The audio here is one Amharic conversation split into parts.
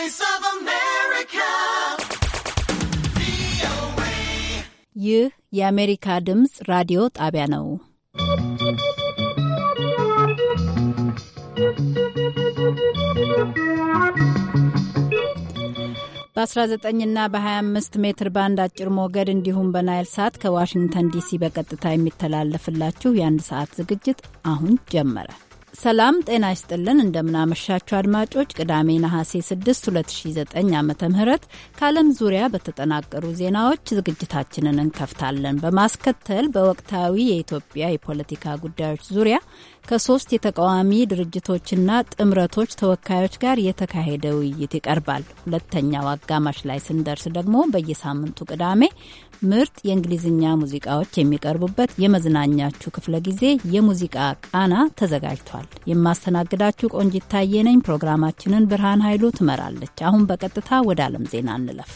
voice of America. ይህ የአሜሪካ ድምፅ ራዲዮ ጣቢያ ነው። በ19ና በ25 ሜትር ባንድ አጭር ሞገድ እንዲሁም በናይል ሳት ከዋሽንግተን ዲሲ በቀጥታ የሚተላለፍላችሁ የአንድ ሰዓት ዝግጅት አሁን ጀመረ። ሰላም ጤና ይስጥልን። እንደምናመሻችሁ አድማጮች፣ ቅዳሜ ነሐሴ 6 2009 ዓ ም ከዓለም ዙሪያ በተጠናቀሩ ዜናዎች ዝግጅታችንን እንከፍታለን። በማስከተል በወቅታዊ የኢትዮጵያ የፖለቲካ ጉዳዮች ዙሪያ ከሶስት የተቃዋሚ ድርጅቶችና ጥምረቶች ተወካዮች ጋር የተካሄደ ውይይት ይቀርባል። ሁለተኛው አጋማሽ ላይ ስንደርስ ደግሞ በየሳምንቱ ቅዳሜ ምርጥ የእንግሊዝኛ ሙዚቃዎች የሚቀርቡበት የመዝናኛችሁ ክፍለ ጊዜ የሙዚቃ ቃና ተዘጋጅቷል። የማስተናግዳችሁ ቆንጂት ታየ ነኝ። ፕሮግራማችንን ብርሃን ኃይሉ ትመራለች። አሁን በቀጥታ ወደ ዓለም ዜና እንለፍ።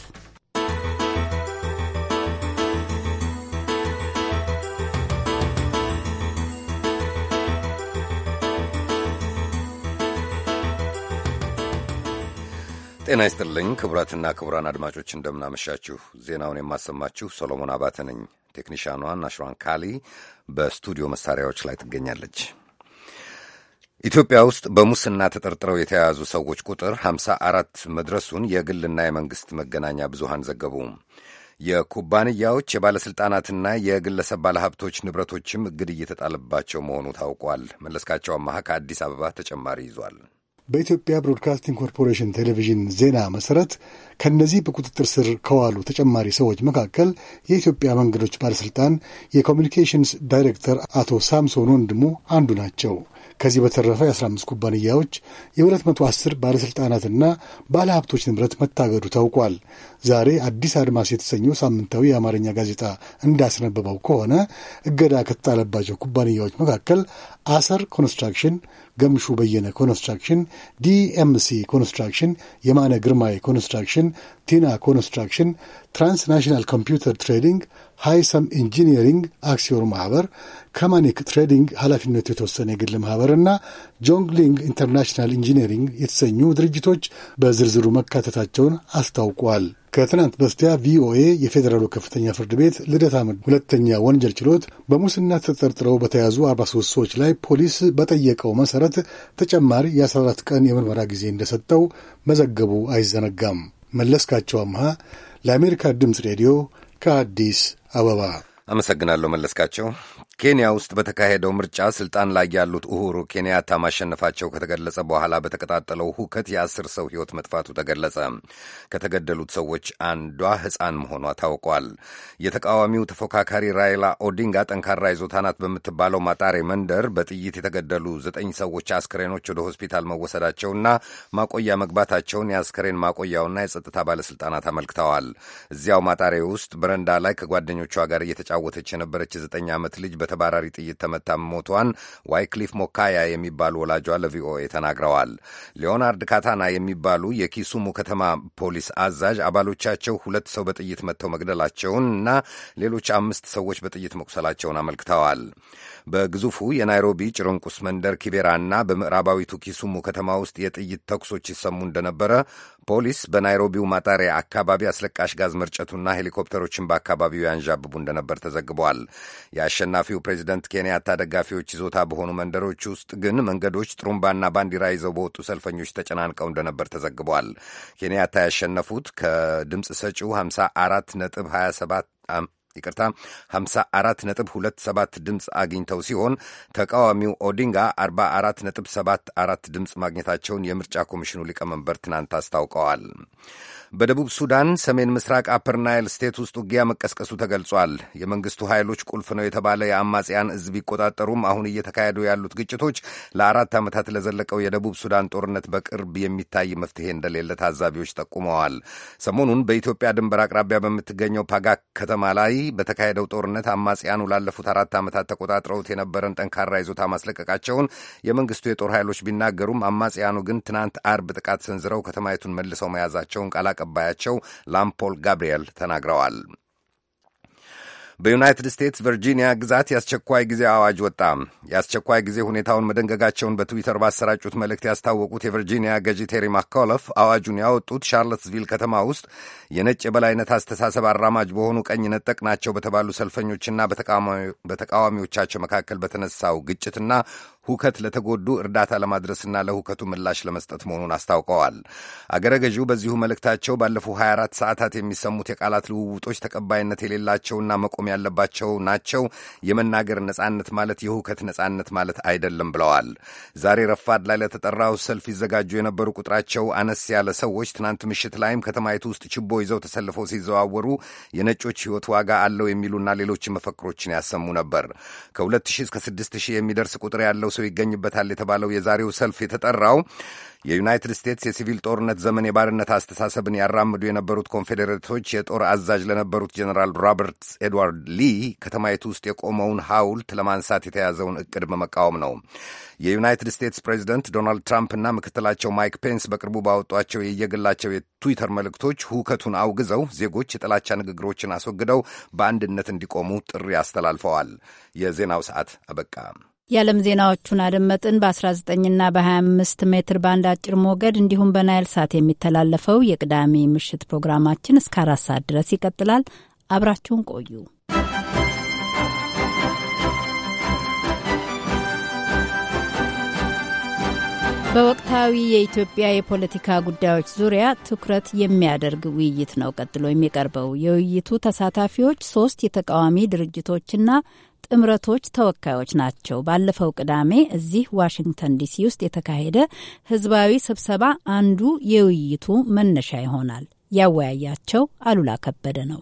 ጤና ይስጥልኝ ክቡራትና ክቡራን አድማጮች እንደምናመሻችሁ። ዜናውን የማሰማችሁ ሰሎሞን አባተ ነኝ። ቴክኒሻኗን ናሽዋን ካሊ በስቱዲዮ መሳሪያዎች ላይ ትገኛለች። ኢትዮጵያ ውስጥ በሙስና ተጠርጥረው የተያያዙ ሰዎች ቁጥር 54 መድረሱን የግልና የመንግሥት መገናኛ ብዙሃን ዘገቡ። የኩባንያዎች የባለሥልጣናትና የግለሰብ ባለሀብቶች ንብረቶችም እግድ እየተጣለባቸው መሆኑ ታውቋል። መለስካቸው አማሃ ከአዲስ አበባ ተጨማሪ ይዟል። በኢትዮጵያ ብሮድካስቲንግ ኮርፖሬሽን ቴሌቪዥን ዜና መሠረት ከእነዚህ በቁጥጥር ስር ከዋሉ ተጨማሪ ሰዎች መካከል የኢትዮጵያ መንገዶች ባለሥልጣን የኮሚኒኬሽንስ ዳይሬክተር አቶ ሳምሶን ወንድሙ አንዱ ናቸው። ከዚህ በተረፈ የ15 ኩባንያዎች የ210 ባለሥልጣናትና ባለሀብቶች ንብረት መታገዱ ታውቋል። ዛሬ አዲስ አድማስ የተሰኘው ሳምንታዊ የአማርኛ ጋዜጣ እንዳስነበበው ከሆነ እገዳ ከተጣለባቸው ኩባንያዎች መካከል አሰር ኮንስትራክሽን፣ ገምሹ በየነ ኮንስትራክሽን፣ ዲኤምሲ ኮንስትራክሽን፣ የማነ ግርማይ ኮንስትራክሽን ኮርፖሬሽን፣ ቲና ኮንስትራክሽን፣ ትራንስናሽናል ኮምፒውተር ትሬዲንግ፣ ሃይሰም ኢንጂኒሪንግ አክሲዮን ማህበር፣ ከማኒክ ትሬዲንግ ኃላፊነቱ የተወሰነ የግል ማህበር እና ጆንግሊንግ ኢንተርናሽናል ኢንጂኒሪንግ የተሰኙ ድርጅቶች በዝርዝሩ መካተታቸውን አስታውቋል። ከትናንት በስቲያ ቪኦኤ የፌዴራሉ ከፍተኛ ፍርድ ቤት ልደታ ሁለተኛ ወንጀል ችሎት በሙስና ተጠርጥረው በተያዙ 43 ሰዎች ላይ ፖሊስ በጠየቀው መሰረት ተጨማሪ የ14 ቀን የምርመራ ጊዜ እንደሰጠው መዘገቡ አይዘነጋም። መለስካቸው አምሃ ለአሜሪካ ድምፅ ሬዲዮ ከአዲስ አበባ አመሰግናለሁ መለስካቸው። ኬንያ ውስጥ በተካሄደው ምርጫ ስልጣን ላይ ያሉት ኡሁሩ ኬንያታ ማሸነፋቸው ከተገለጸ በኋላ በተቀጣጠለው ሁከት የአስር ሰው ሕይወት መጥፋቱ ተገለጸ። ከተገደሉት ሰዎች አንዷ ሕፃን መሆኗ ታውቋል። የተቃዋሚው ተፎካካሪ ራይላ ኦዲንጋ ጠንካራ ይዞታ ናት በምትባለው ማጣሬ መንደር በጥይት የተገደሉ ዘጠኝ ሰዎች አስክሬኖች ወደ ሆስፒታል መወሰዳቸውና ማቆያ መግባታቸውን የአስክሬን ማቆያውና የጸጥታ ባለሥልጣናት አመልክተዋል። እዚያው ማጣሬ ውስጥ በረንዳ ላይ ከጓደኞቿ ጋር እየተጫወተች የነበረች የዘጠኝ ዓመት ልጅ በተባራሪ ጥይት ተመታ መሞቷን ዋይክሊፍ ሞካያ የሚባሉ ወላጇ ለቪኦኤ ተናግረዋል። ሊዮናርድ ካታና የሚባሉ የኪሱሙ ከተማ ፖሊስ አዛዥ አባሎቻቸው ሁለት ሰው በጥይት መጥተው መግደላቸውን እና ሌሎች አምስት ሰዎች በጥይት መቁሰላቸውን አመልክተዋል። በግዙፉ የናይሮቢ ጭርንቁስ መንደር ኪቤራና በምዕራባዊቱ ኪሱሙ ከተማ ውስጥ የጥይት ተኩሶች ይሰሙ እንደነበረ ፖሊስ በናይሮቢው ማጣሪያ አካባቢ አስለቃሽ ጋዝ መርጨቱና ሄሊኮፕተሮችን በአካባቢው ያንዣብቡ እንደነበር ተዘግበዋል። የአሸናፊው ፕሬዚደንት ኬንያታ ደጋፊዎች ይዞታ በሆኑ መንደሮች ውስጥ ግን መንገዶች ጥሩምባና ባንዲራ ይዘው በወጡ ሰልፈኞች ተጨናንቀው እንደነበር ተዘግበዋል። ኬንያታ ያሸነፉት ከድምፅ ሰጪው 54 ነጥብ 27 ይቅርታ 54.27 ድምፅ አግኝተው ሲሆን ተቃዋሚው ኦዲንጋ 44.74 ድምፅ ማግኘታቸውን የምርጫ ኮሚሽኑ ሊቀመንበር ትናንት አስታውቀዋል። በደቡብ ሱዳን ሰሜን ምስራቅ አፐር ናይል ስቴት ውስጥ ውጊያ መቀስቀሱ ተገልጿል። የመንግስቱ ኃይሎች ቁልፍ ነው የተባለ የአማጽያን እዝ ቢቆጣጠሩም አሁን እየተካሄዱ ያሉት ግጭቶች ለአራት ዓመታት ለዘለቀው የደቡብ ሱዳን ጦርነት በቅርብ የሚታይ መፍትሄ እንደሌለ ታዛቢዎች ጠቁመዋል። ሰሞኑን በኢትዮጵያ ድንበር አቅራቢያ በምትገኘው ፓጋክ ከተማ ላይ በተካሄደው ጦርነት አማጽያኑ ላለፉት አራት ዓመታት ተቆጣጥረውት የነበረን ጠንካራ ይዞታ ማስለቀቃቸውን የመንግስቱ የጦር ኃይሎች ቢናገሩም አማጽያኑ ግን ትናንት አርብ ጥቃት ሰንዝረው ከተማይቱን መልሰው መያዛቸውን ቃል አቀባያቸው ላምፖል ጋብርኤል ተናግረዋል። በዩናይትድ ስቴትስ ቨርጂኒያ ግዛት የአስቸኳይ ጊዜ አዋጅ ወጣ። የአስቸኳይ ጊዜ ሁኔታውን መደንገጋቸውን በትዊተር ባሰራጩት መልእክት ያስታወቁት የቨርጂኒያ ገዢ ቴሪ ማካለፍ አዋጁን ያወጡት ሻርለትስቪል ከተማ ውስጥ የነጭ የበላይነት አስተሳሰብ አራማጅ በሆኑ ቀኝ ነጠቅ ናቸው በተባሉ ሰልፈኞችና በተቃዋሚዎቻቸው መካከል በተነሳው ግጭትና ሁከት ለተጎዱ እርዳታ ለማድረስና ለሁከቱ ምላሽ ለመስጠት መሆኑን አስታውቀዋል። አገረ ገዢው በዚሁ መልእክታቸው ባለፉ 24 ሰዓታት የሚሰሙት የቃላት ልውውጦች ተቀባይነት የሌላቸውና መቆም ያለባቸው ናቸው። የመናገር ነጻነት ማለት የሁከት ነጻነት ማለት አይደለም ብለዋል። ዛሬ ረፋድ ላይ ለተጠራው ሰልፍ ይዘጋጁ የነበሩ ቁጥራቸው አነስ ያለ ሰዎች ትናንት ምሽት ላይም ከተማይቱ ውስጥ ችቦ ይዘው ተሰልፈው ሲዘዋወሩ የነጮች ሕይወት ዋጋ አለው የሚሉና ሌሎች መፈክሮችን ያሰሙ ነበር። ከ2000 እስከ 6000 የሚደርስ ቁጥር ያለው ሰው ይገኝበታል የተባለው የዛሬው ሰልፍ የተጠራው የዩናይትድ ስቴትስ የሲቪል ጦርነት ዘመን የባርነት አስተሳሰብን ያራምዱ የነበሩት ኮንፌዴሬቶች የጦር አዛዥ ለነበሩት ጀኔራል ሮበርት ኤድዋርድ ሊ ከተማይቱ ውስጥ የቆመውን ሐውልት ለማንሳት የተያዘውን እቅድ በመቃወም ነው። የዩናይትድ ስቴትስ ፕሬዚደንት ዶናልድ ትራምፕ እና ምክትላቸው ማይክ ፔንስ በቅርቡ ባወጧቸው የየግላቸው የትዊተር መልእክቶች ሁከቱን አውግዘው ዜጎች የጥላቻ ንግግሮችን አስወግደው በአንድነት እንዲቆሙ ጥሪ አስተላልፈዋል። የዜናው ሰዓት አበቃ። የዓለም ዜናዎቹን አደመጥን። በ19ና በ25 ሜትር ባንድ አጭር ሞገድ እንዲሁም በናይል ሳት የሚተላለፈው የቅዳሜ ምሽት ፕሮግራማችን እስከ አራት ሰዓት ድረስ ይቀጥላል። አብራችሁን ቆዩ። በወቅታዊ የኢትዮጵያ የፖለቲካ ጉዳዮች ዙሪያ ትኩረት የሚያደርግ ውይይት ነው ቀጥሎ የሚቀርበው። የውይይቱ ተሳታፊዎች ሶስት የተቃዋሚ ድርጅቶችና ጥምረቶች ተወካዮች ናቸው። ባለፈው ቅዳሜ እዚህ ዋሽንግተን ዲሲ ውስጥ የተካሄደ ህዝባዊ ስብሰባ አንዱ የውይይቱ መነሻ ይሆናል። ያወያያቸው አሉላ ከበደ ነው።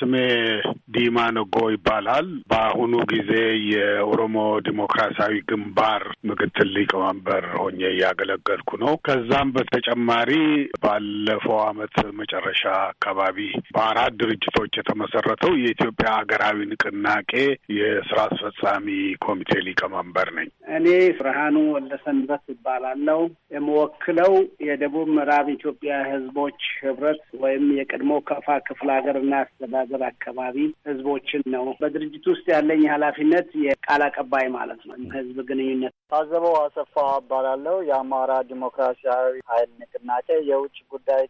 ስሜ ዲማ ነጎ ይባላል። በአሁኑ ጊዜ የኦሮሞ ዲሞክራሲያዊ ግንባር ምክትል ሊቀመንበር ሆኜ እያገለገልኩ ነው። ከዛም በተጨማሪ ባለፈው ዓመት መጨረሻ አካባቢ በአራት ድርጅቶች የተመሰረተው የኢትዮጵያ ሀገራዊ ንቅናቄ የስራ አስፈጻሚ ኮሚቴ ሊቀመንበር ነኝ። እኔ ብርሃኑ ወልደሰንበት ይባላለው። የምወክለው የደቡብ ምዕራብ ኢትዮጵያ ህዝቦች ህብረት ወይም የቀድሞ ከፋ ክፍለ ሀገርና ሀገር አካባቢ ህዝቦችን ነው። በድርጅት ውስጥ ያለኝ ኃላፊነት የቃል አቀባይ ማለት ነው፣ ህዝብ ግንኙነት። ታዘበው አሰፋ እባላለሁ። የአማራ ዲሞክራሲያዊ ኃይል ንቅናቄ የውጭ ጉዳይ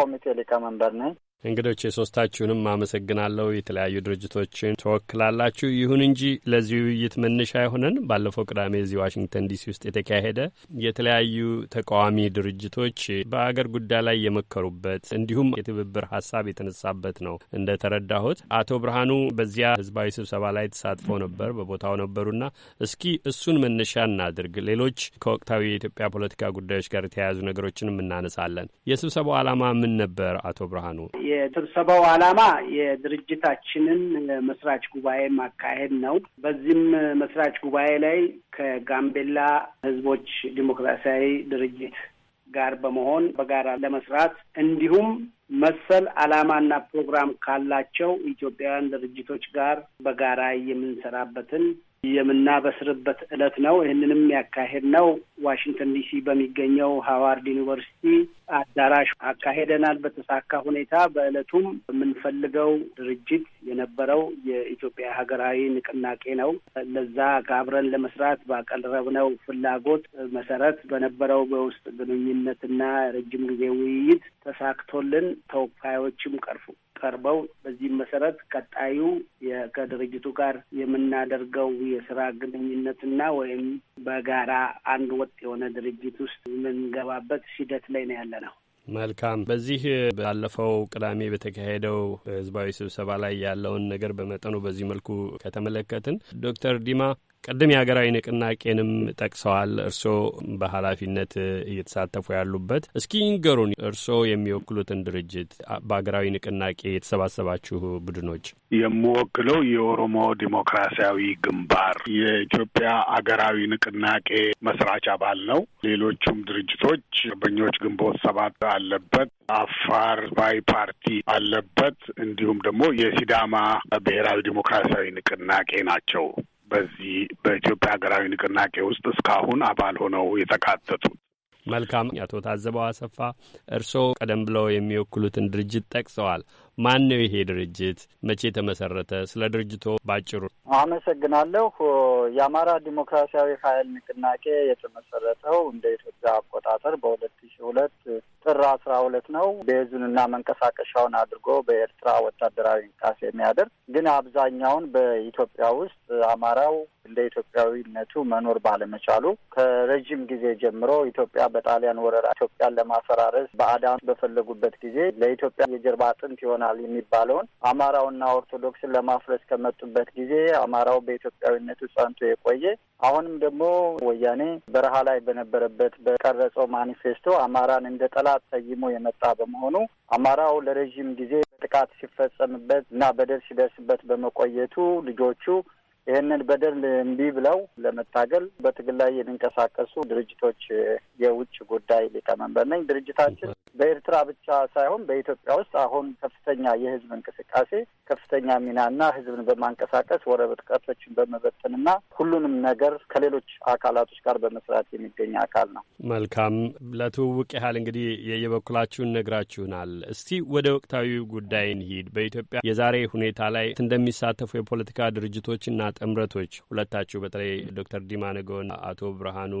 ኮሚቴ ሊቀመንበር ነኝ። እንግዶች የሶስታችሁንም አመሰግናለሁ። የተለያዩ ድርጅቶችን ትወክላላችሁ። ይሁን እንጂ ለዚህ ውይይት መነሻ የሆነን ባለፈው ቅዳሜ እዚህ ዋሽንግተን ዲሲ ውስጥ የተካሄደ የተለያዩ ተቃዋሚ ድርጅቶች በአገር ጉዳይ ላይ የመከሩበት እንዲሁም የትብብር ሀሳብ የተነሳበት ነው እንደ ተረዳሁት። አቶ ብርሃኑ በዚያ ህዝባዊ ስብሰባ ላይ ተሳትፎ ነበር፣ በቦታው ነበሩና እስኪ እሱን መነሻ እናድርግ። ሌሎች ከወቅታዊ የኢትዮጵያ ፖለቲካ ጉዳዮች ጋር የተያያዙ ነገሮችንም እናነሳለን። የስብሰባው ዓላማ ምን ነበር? አቶ ብርሃኑ የስብሰባው ዓላማ የድርጅታችንን መስራች ጉባኤ ማካሄድ ነው። በዚህም መስራች ጉባኤ ላይ ከጋምቤላ ህዝቦች ዲሞክራሲያዊ ድርጅት ጋር በመሆን በጋራ ለመስራት እንዲሁም መሰል ዓላማና ፕሮግራም ካላቸው ኢትዮጵያውያን ድርጅቶች ጋር በጋራ የምንሰራበትን የምናበስርበት ዕለት ነው። ይህንንም ያካሄድ ነው ዋሽንግተን ዲሲ በሚገኘው ሃዋርድ ዩኒቨርሲቲ አዳራሽ አካሄደናል በተሳካ ሁኔታ። በዕለቱም የምንፈልገው ድርጅት የነበረው የኢትዮጵያ ሀገራዊ ንቅናቄ ነው። ለዛ ጋብረን ለመስራት ባቀረብነው ፍላጎት መሰረት በነበረው በውስጥ ግንኙነትና ረጅም ጊዜ ውይይት ተሳክቶልን ተወካዮችም ቀርፉ ቀርበው በዚህም መሰረት ቀጣዩ ከድርጅቱ ጋር የምናደርገው የስራ ግንኙነትና ወይም በጋራ አንድ ወጥ የሆነ ድርጅት ውስጥ የምንገባበት ሂደት ላይ ነው ያለ ነው። መልካም። በዚህ ባለፈው ቅዳሜ በተካሄደው ህዝባዊ ስብሰባ ላይ ያለውን ነገር በመጠኑ በዚህ መልኩ ከተመለከትን ዶክተር ዲማ ቅድም የሀገራዊ ንቅናቄንም ጠቅሰዋል እርስዎ በኃላፊነት እየተሳተፉ ያሉበት። እስኪ ንገሩን፣ እርስዎ የሚወክሉትን ድርጅት በሀገራዊ ንቅናቄ የተሰባሰባችሁ ቡድኖች። የምወክለው የኦሮሞ ዲሞክራሲያዊ ግንባር የኢትዮጵያ አገራዊ ንቅናቄ መስራች አባል ነው። ሌሎቹም ድርጅቶች አርበኞች ግንቦት ሰባት አለበት፣ አፋር ባይ ፓርቲ አለበት፣ እንዲሁም ደግሞ የሲዳማ ብሔራዊ ዲሞክራሲያዊ ንቅናቄ ናቸው። በዚህ በኢትዮጵያ ሀገራዊ ንቅናቄ ውስጥ እስካሁን አባል ሆነው የተካተቱት። መልካም። አቶ ታዘበው አሰፋ እርስዎ ቀደም ብለው የሚወክሉትን ድርጅት ጠቅሰዋል። ማን ነው ይሄ ድርጅት? መቼ ተመሰረተ? ስለ ድርጅቶ ባጭሩ። አመሰግናለሁ። የአማራ ዲሞክራሲያዊ ኃይል ንቅናቄ የተመሰረተው እንደ ኢትዮጵያ አቆጣጠር በሁለት ሺ ሁለት ጥር አስራ ሁለት ነው። ቤዙንና መንቀሳቀሻውን አድርጎ በኤርትራ ወታደራዊ እንቅስቃሴ የሚያደርግ ግን አብዛኛውን በኢትዮጵያ ውስጥ አማራው እንደ ኢትዮጵያዊነቱ መኖር ባለመቻሉ ከረዥም ጊዜ ጀምሮ ኢትዮጵያ በጣሊያን ወረራ ኢትዮጵያን ለማፈራረስ በአዳም በፈለጉበት ጊዜ ለኢትዮጵያ የጀርባ አጥንት የሆነ ይሆናል የሚባለውን አማራውና ኦርቶዶክስን ለማፍረስ ከመጡበት ጊዜ አማራው በኢትዮጵያዊነቱ ጸንቶ የቆየ አሁንም ደግሞ ወያኔ በረሃ ላይ በነበረበት በቀረጸው ማኒፌስቶ አማራን እንደ ጠላት ሰይሞ የመጣ በመሆኑ አማራው ለረዥም ጊዜ ጥቃት ሲፈጸምበት እና በደል ሲደርስበት በመቆየቱ ልጆቹ ይህንን በደል እምቢ ብለው ለመታገል በትግል ላይ የሚንቀሳቀሱ ድርጅቶች የውጭ ጉዳይ ሊቀመንበር ነኝ። ድርጅታችን በኤርትራ ብቻ ሳይሆን በኢትዮጵያ ውስጥ አሁን ከፍተኛ የህዝብ እንቅስቃሴ ከፍተኛ ሚናና ህዝብን በማንቀሳቀስ ወረቀቶችን በመበተንና ሁሉንም ነገር ከሌሎች አካላቶች ጋር በመስራት የሚገኝ አካል ነው። መልካም ለትውውቅ ያህል እንግዲህ የየበኩላችሁን ነግራችሁናል። እስቲ ወደ ወቅታዊ ጉዳይ እንሂድ። በኢትዮጵያ የዛሬ ሁኔታ ላይ እንደሚሳተፉ የፖለቲካ ድርጅቶችና ጥምረቶች ሁለታችሁ በተለይ ዶክተር ዲማ አቶ ብርሃኑ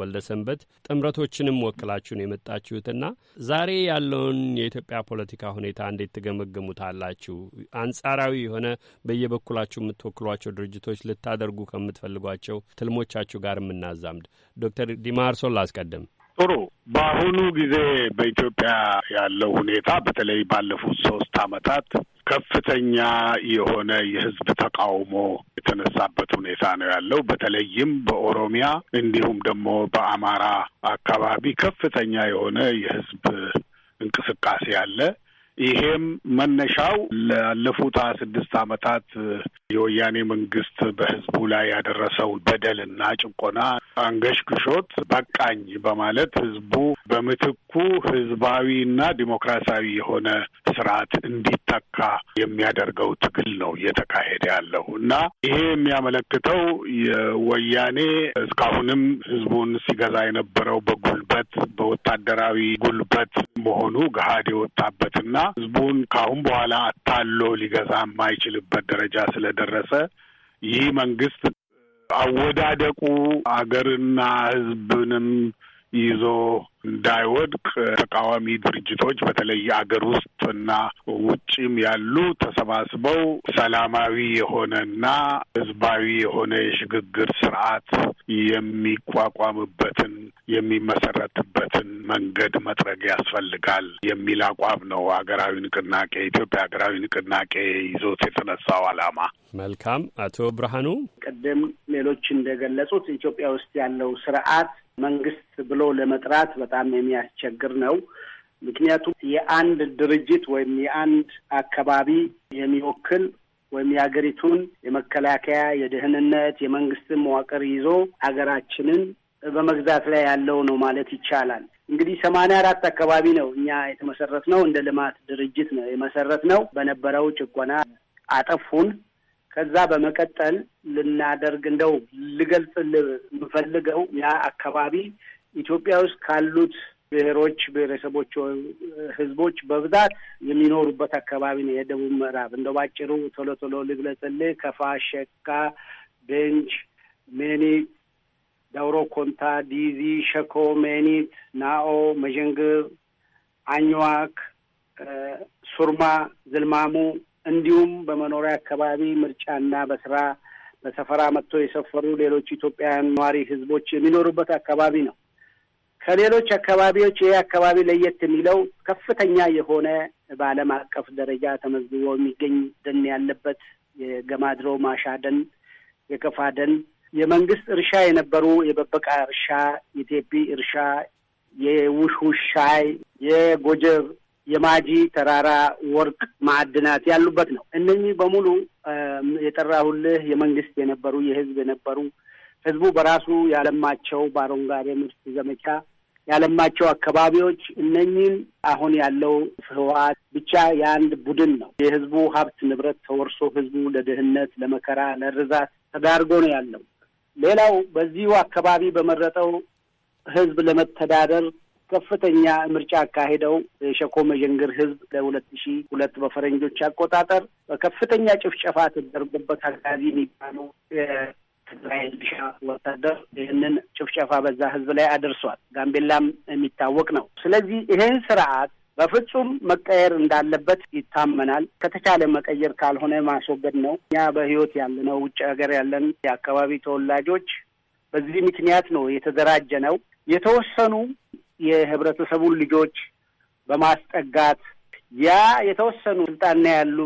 ወልደሰንበት ጥምረቶችንም ወክላችሁ ነው የመጣችሁትና ዛሬ ያለውን የኢትዮጵያ ፖለቲካ ሁኔታ እንዴት ትገመግሙታላችሁ? አንጻራዊ የሆነ በየበኩላችሁ የምትወክሏቸው ድርጅቶች ልታደርጉ ከምትፈልጓቸው ትልሞቻችሁ ጋር የምናዛምድ ዶክተር ዲማ እርሶን ላስቀድም። ጥሩ። በአሁኑ ጊዜ በኢትዮጵያ ያለው ሁኔታ በተለይ ባለፉት ሶስት አመታት ከፍተኛ የሆነ የህዝብ ተቃውሞ የተነሳበት ሁኔታ ነው ያለው። በተለይም በኦሮሚያ እንዲሁም ደግሞ በአማራ አካባቢ ከፍተኛ የሆነ የህዝብ እንቅስቃሴ አለ። ይሄም መነሻው ላለፉት ሀያ ስድስት ዓመታት የወያኔ መንግስት በህዝቡ ላይ ያደረሰውን በደልና ጭቆና አንገሽግሾት በቃኝ በማለት ህዝቡ በምትኩ ህዝባዊና ዲሞክራሲያዊ የሆነ ስርዓት እንዲተካ የሚያደርገው ትግል ነው እየተካሄደ ያለው እና ይሄ የሚያመለክተው የወያኔ እስካሁንም ህዝቡን ሲገዛ የነበረው በጉልበት በወታደራዊ ጉልበት መሆኑ ገሀድ የወጣበትና ህዝቡን ከአሁን በኋላ አታሎ ሊገዛ የማይችልበት ደረጃ ስለደረሰ ይህ መንግስት አወዳደቁ አገርና ህዝብንም ይዞ እንዳይወድቅ ተቃዋሚ ድርጅቶች በተለይ አገር ውስጥ እና ውጭም ያሉ ተሰባስበው ሰላማዊ የሆነና ህዝባዊ የሆነ የሽግግር ስርዓት የሚቋቋምበትን የሚመሰረትበትን መንገድ መጥረግ ያስፈልጋል የሚል አቋም ነው ሀገራዊ ንቅናቄ ኢትዮጵያ ሀገራዊ ንቅናቄ ይዞት የተነሳው አላማ መልካም አቶ ብርሃኑ፣ ቅድም ሌሎች እንደገለጹት ኢትዮጵያ ውስጥ ያለው ስርዓት መንግስት ብሎ ለመጥራት በጣም የሚያስቸግር ነው። ምክንያቱም የአንድ ድርጅት ወይም የአንድ አካባቢ የሚወክል ወይም የሀገሪቱን የመከላከያ፣ የደህንነት፣ የመንግስትን መዋቅር ይዞ ሀገራችንን በመግዛት ላይ ያለው ነው ማለት ይቻላል። እንግዲህ ሰማንያ አራት አካባቢ ነው እኛ የተመሰረት ነው እንደ ልማት ድርጅት ነው የመሰረት ነው። በነበረው ጭቆና አጠፉን። ከዛ በመቀጠል ልናደርግ እንደው ልገልጽ የምፈልገው ያ አካባቢ ኢትዮጵያ ውስጥ ካሉት ብሔሮች፣ ብሔረሰቦች፣ ህዝቦች በብዛት የሚኖሩበት አካባቢ ነው የደቡብ ምዕራብ። እንደ ባጭሩ ቶሎ ቶሎ ልግለጽልህ፣ ከፋ፣ ሸካ፣ ቤንች፣ ሜኒት፣ ዳውሮ፣ ኮንታ፣ ዲዚ፣ ሸኮ፣ ሜኒት፣ ናኦ፣ መዠንግብ፣ አኝዋክ፣ ሱርማ፣ ዝልማሙ እንዲሁም በመኖሪያ አካባቢ ምርጫና በስራ በሰፈራ መጥቶ የሰፈሩ ሌሎች ኢትዮጵያውያን ነዋሪ ህዝቦች የሚኖሩበት አካባቢ ነው። ከሌሎች አካባቢዎች ይህ አካባቢ ለየት የሚለው ከፍተኛ የሆነ በዓለም አቀፍ ደረጃ ተመዝግቦ የሚገኝ ደን ያለበት የገማድሮ ማሻ ደን፣ የከፋ ደን፣ የመንግስት እርሻ የነበሩ የበበቃ እርሻ፣ የቴፒ እርሻ፣ የውሽውሽ ሻይ፣ የጎጀብ የማጂ ተራራ ወርቅ ማዕድናት ያሉበት ነው። እነኚህ በሙሉ የጠራሁልህ የመንግስት የነበሩ የህዝብ የነበሩ ህዝቡ በራሱ ያለማቸው በአረንጓዴ ምርት ዘመቻ ያለማቸው አካባቢዎች እነኚህን አሁን ያለው ህወሓት ብቻ የአንድ ቡድን ነው። የህዝቡ ሀብት ንብረት ተወርሶ ህዝቡ ለድህነት፣ ለመከራ፣ ለርዛት ተዳርጎ ነው ያለው። ሌላው በዚሁ አካባቢ በመረጠው ህዝብ ለመተዳደር ከፍተኛ ምርጫ አካሄደው የሸኮ መዠንግር ህዝብ ለሁለት ሺ ሁለት በፈረንጆች አቆጣጠር በከፍተኛ ጭፍጨፋ ተደርጎበት አካባቢ የሚባሉ ወታደር ይህንን ጭፍጨፋ በዛ ህዝብ ላይ አድርሷል። ጋምቤላም የሚታወቅ ነው። ስለዚህ ይህን ስርዓት በፍጹም መቀየር እንዳለበት ይታመናል። ከተቻለ መቀየር ካልሆነ ማስወገድ ነው። እኛ በህይወት ያለነው ውጭ ሀገር ያለን የአካባቢ ተወላጆች በዚህ ምክንያት ነው የተደራጀ ነው። የተወሰኑ የህብረተሰቡን ልጆች በማስጠጋት ያ የተወሰኑ ስልጣን ያሉ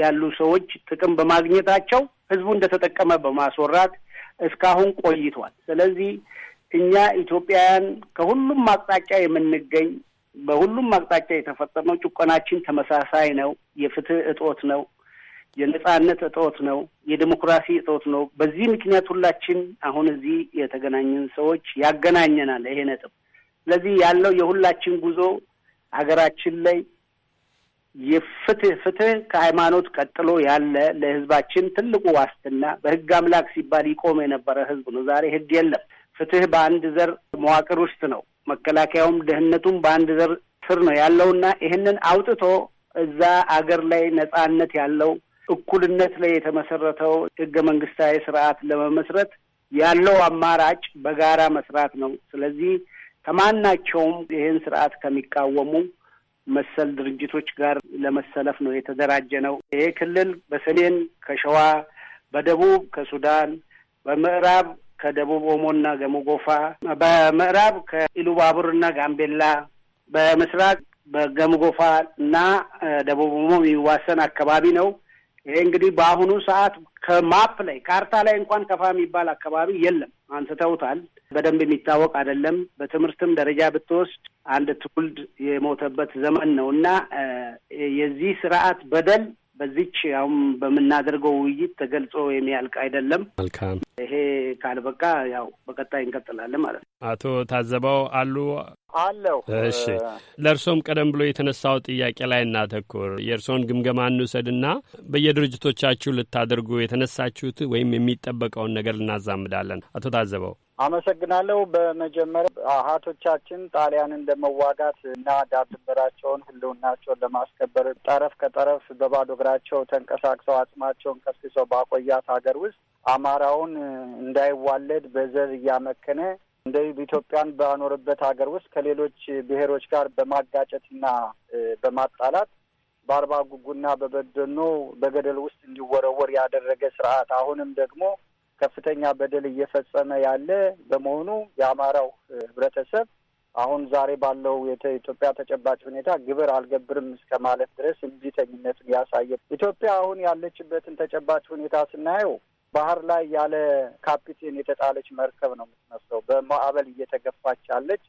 ያሉ ሰዎች ጥቅም በማግኘታቸው ህዝቡ እንደተጠቀመ በማስወራት እስካሁን ቆይቷል። ስለዚህ እኛ ኢትዮጵያውያን ከሁሉም አቅጣጫ የምንገኝ በሁሉም አቅጣጫ የተፈጸመው ጭቆናችን ተመሳሳይ ነው። የፍትህ እጦት ነው። የነጻነት እጦት ነው። የዲሞክራሲ እጦት ነው። በዚህ ምክንያት ሁላችን አሁን እዚህ የተገናኘን ሰዎች ያገናኘናል ይሄ ነጥብ። ስለዚህ ያለው የሁላችን ጉዞ ሀገራችን ላይ የፍትህ ፍትህ ከሃይማኖት ቀጥሎ ያለ ለህዝባችን ትልቁ ዋስትና በህግ አምላክ ሲባል ይቆም የነበረ ህዝብ ነው። ዛሬ ህግ የለም። ፍትህ በአንድ ዘር መዋቅር ውስጥ ነው። መከላከያውም ደህንነቱም በአንድ ዘር ስር ነው ያለውና ይህንን አውጥቶ እዛ አገር ላይ ነጻነት ያለው እኩልነት ላይ የተመሰረተው ህገ መንግስታዊ ስርዓት ለመመስረት ያለው አማራጭ በጋራ መስራት ነው። ስለዚህ ከማናቸውም ይህን ስርዓት ከሚቃወሙ መሰል ድርጅቶች ጋር ለመሰለፍ ነው የተደራጀ ነው። ይሄ ክልል በሰሜን ከሸዋ፣ በደቡብ ከሱዳን፣ በምዕራብ ከደቡብ ኦሞና ገሞጎፋ፣ በምዕራብ ከኢሉባቡር ና ጋምቤላ፣ በምስራቅ በገሞጎፋ እና ደቡብ ኦሞ የሚዋሰን አካባቢ ነው። ይሄ እንግዲህ በአሁኑ ሰዓት ከማፕ ላይ ካርታ ላይ እንኳን ከፋ የሚባል አካባቢ የለም። አንስተውታል። በደንብ የሚታወቅ አይደለም። በትምህርትም ደረጃ ብትወስድ አንድ ትውልድ የሞተበት ዘመን ነው እና የዚህ ስርዓት በደል በዚች አሁን በምናደርገው ውይይት ተገልጾ የሚያልቅ አይደለም። መልካም ይሄ ካልበቃ ያው በቀጣይ እንቀጥላለን ማለት ነው። አቶ ታዘበው አሉ አለው። እሺ ለእርሶም ቀደም ብሎ የተነሳው ጥያቄ ላይ እናተኩር። የእርሶን ግምገማ እንውሰድና በየድርጅቶቻችሁ ልታደርጉ የተነሳችሁት ወይም የሚጠበቀውን ነገር እናዛምዳለን። አቶ ታዘበው አመሰግናለሁ። በመጀመሪያ አሀቶቻችን ጣሊያን እንደ እና ዳር ድንበራቸውን ለማስከበር ጠረፍ ከጠረፍ በባዶ እግራቸው ተንቀሳቅሰው አጽማቸውን ከስክሰው ባቆያት ሀገር ውስጥ አማራውን እንዳይዋለድ በዘር እያመከነ እንደ ኢትዮጵያን ባኖርበት ሀገር ውስጥ ከሌሎች ብሔሮች ጋር በማጋጨትና በማጣላት በአርባ ጉጉና በበደኖ በገደል ውስጥ እንዲወረወር ያደረገ ስርዓት አሁንም ደግሞ ከፍተኛ በደል እየፈጸመ ያለ በመሆኑ የአማራው ህብረተሰብ አሁን ዛሬ ባለው የኢትዮጵያ ተጨባጭ ሁኔታ ግብር አልገብርም እስከ ማለት ድረስ እምቢተኝነትን ያሳየ ኢትዮጵያ አሁን ያለችበትን ተጨባጭ ሁኔታ ስናየው ባህር ላይ ያለ ካፒቴን የተጣለች መርከብ ነው የምትመስለው። በማዕበል እየተገፋች ያለች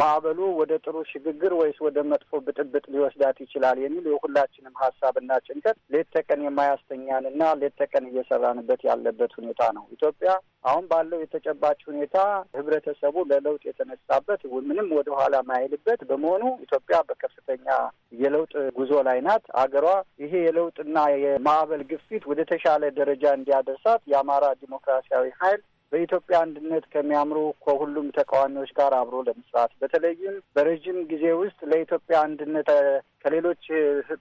ማዕበሉ ወደ ጥሩ ሽግግር ወይስ ወደ መጥፎ ብጥብጥ ሊወስዳት ይችላል የሚል የሁላችንም ሀሳብና ጭንቀት ሌት ተቀን የማያስተኛንና ሌት ተቀን እየሰራንበት ያለበት ሁኔታ ነው። ኢትዮጵያ አሁን ባለው የተጨባጭ ሁኔታ ህብረተሰቡ ለለውጥ የተነሳበት ምንም ወደኋላ ማይልበት በመሆኑ ኢትዮጵያ በከፍተኛ የለውጥ ጉዞ ላይ ናት። አገሯ ይሄ የለውጥና የማዕበል ግፊት ወደ ተሻለ ደረጃ እንዲያደርሳት የአማራ ዲሞክራሲያዊ ኃይል በኢትዮጵያ አንድነት ከሚያምሩ ከሁሉም ተቃዋሚዎች ጋር አብሮ ለመስራት በተለይም በረዥም ጊዜ ውስጥ ለኢትዮጵያ አንድነት ከሌሎች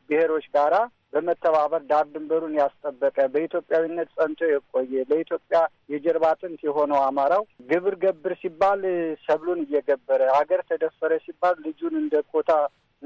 ብሔሮች ጋራ በመተባበር ዳር ድንበሩን ያስጠበቀ በኢትዮጵያዊነት ጸንቶ የቆየ ለኢትዮጵያ የጀርባ አጥንት የሆነው አማራው ግብር ገብር ሲባል ሰብሉን እየገበረ ሀገር ተደፈረ ሲባል ልጁን እንደ ኮታ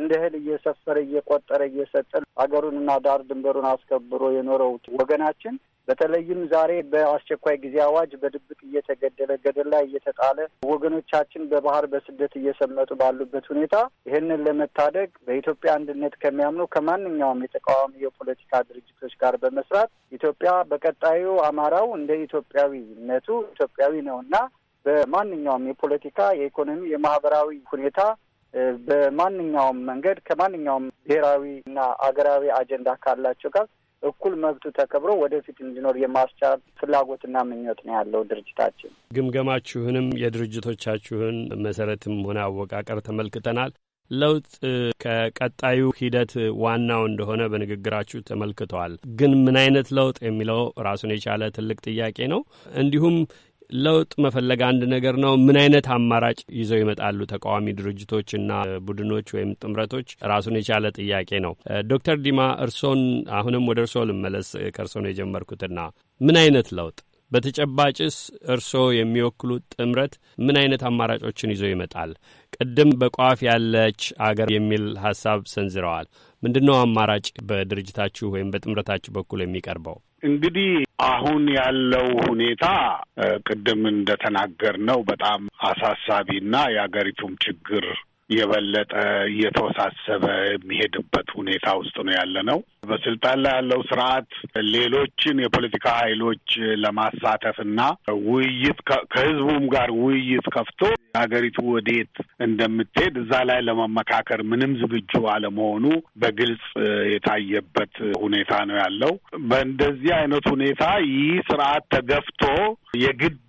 እንደ እህል እየሰፈረ እየቆጠረ እየሰጠ ሀገሩንና ዳር ድንበሩን አስከብሮ የኖረው ወገናችን በተለይም ዛሬ በአስቸኳይ ጊዜ አዋጅ በድብቅ እየተገደለ ገደል ላይ እየተጣለ ወገኖቻችን በባህር በስደት እየሰመጡ ባሉበት ሁኔታ ይህንን ለመታደግ በኢትዮጵያ አንድነት ከሚያምኑ ከማንኛውም የተቃዋሚ የፖለቲካ ድርጅቶች ጋር በመስራት ኢትዮጵያ በቀጣዩ አማራው እንደ ኢትዮጵያዊነቱ ኢትዮጵያዊ እና በማንኛውም የፖለቲካ፣ የኢኮኖሚ፣ የማህበራዊ ሁኔታ በማንኛውም መንገድ ከማንኛውም ብሔራዊ እና አገራዊ አጀንዳ ካላቸው ጋር እኩል መብቱ ተከብሮ ወደፊት እንዲኖር የማስቻል ፍላጎትና ምኞት ነው ያለው ድርጅታችን። ግምገማችሁንም የድርጅቶቻችሁን መሰረትም ሆነ አወቃቀር ተመልክተናል። ለውጥ ከቀጣዩ ሂደት ዋናው እንደሆነ በንግግራችሁ ተመልክተዋል። ግን ምን አይነት ለውጥ የሚለው ራሱን የቻለ ትልቅ ጥያቄ ነው። እንዲሁም ለውጥ መፈለግ አንድ ነገር ነው። ምን አይነት አማራጭ ይዘው ይመጣሉ ተቃዋሚ ድርጅቶችና ቡድኖች ወይም ጥምረቶች ራሱን የቻለ ጥያቄ ነው። ዶክተር ዲማ እርሶን አሁንም ወደ እርሶ ልመለስ። ከእርሶ ነው የጀመርኩትና ምን አይነት ለውጥ በተጨባጭስ እርሶ የሚወክሉት ጥምረት ምን አይነት አማራጮችን ይዞ ይመጣል? ቅድም በቋፍ ያለች አገር የሚል ሀሳብ ሰንዝረዋል። ምንድን ነው አማራጭ በድርጅታችሁ ወይም በጥምረታችሁ በኩል የሚቀርበው? እንግዲህ አሁን ያለው ሁኔታ ቅድም እንደተናገር ነው በጣም አሳሳቢ እና የሀገሪቱም ችግር የበለጠ እየተወሳሰበ የሚሄድበት ሁኔታ ውስጥ ነው ያለ ነው። በስልጣን ላይ ያለው ስርዓት ሌሎችን የፖለቲካ ኃይሎች ለማሳተፍ እና ውይይት ከህዝቡም ጋር ውይይት ከፍቶ ሀገሪቱ ወዴት እንደምትሄድ እዛ ላይ ለመመካከር ምንም ዝግጁ አለመሆኑ በግልጽ የታየበት ሁኔታ ነው ያለው። በእንደዚህ አይነት ሁኔታ ይህ ስርዓት ተገፍቶ የግድ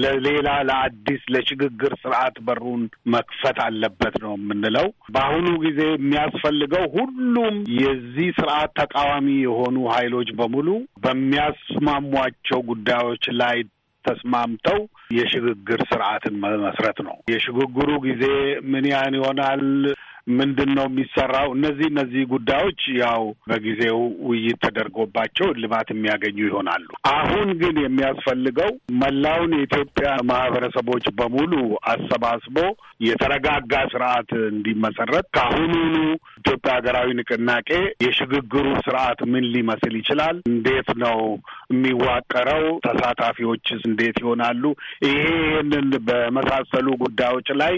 ለሌላ ለአዲስ ለሽግግር ስርዓት በሩን መክፈት አለበት ነው የምንለው። በአሁኑ ጊዜ የሚያስፈልገው ሁሉም የዚህ ስርዓት ተቃዋሚ የሆኑ ኃይሎች በሙሉ በሚያስማሟቸው ጉዳዮች ላይ ተስማምተው የሽግግር ስርዓትን መመስረት ነው። የሽግግሩ ጊዜ ምን ያህል ይሆናል? ምንድን ነው የሚሰራው? እነዚህ እነዚህ ጉዳዮች ያው በጊዜው ውይይት ተደርጎባቸው ልማት የሚያገኙ ይሆናሉ። አሁን ግን የሚያስፈልገው መላውን የኢትዮጵያ ማህበረሰቦች በሙሉ አሰባስቦ የተረጋጋ ስርዓት እንዲመሰረት ከአሁኑኑ ኢትዮጵያ ሀገራዊ ንቅናቄ የሽግግሩ ስርዓት ምን ሊመስል ይችላል? እንዴት ነው የሚዋቀረው? ተሳታፊዎችስ እንዴት ይሆናሉ? ይሄንን በመሳሰሉ ጉዳዮች ላይ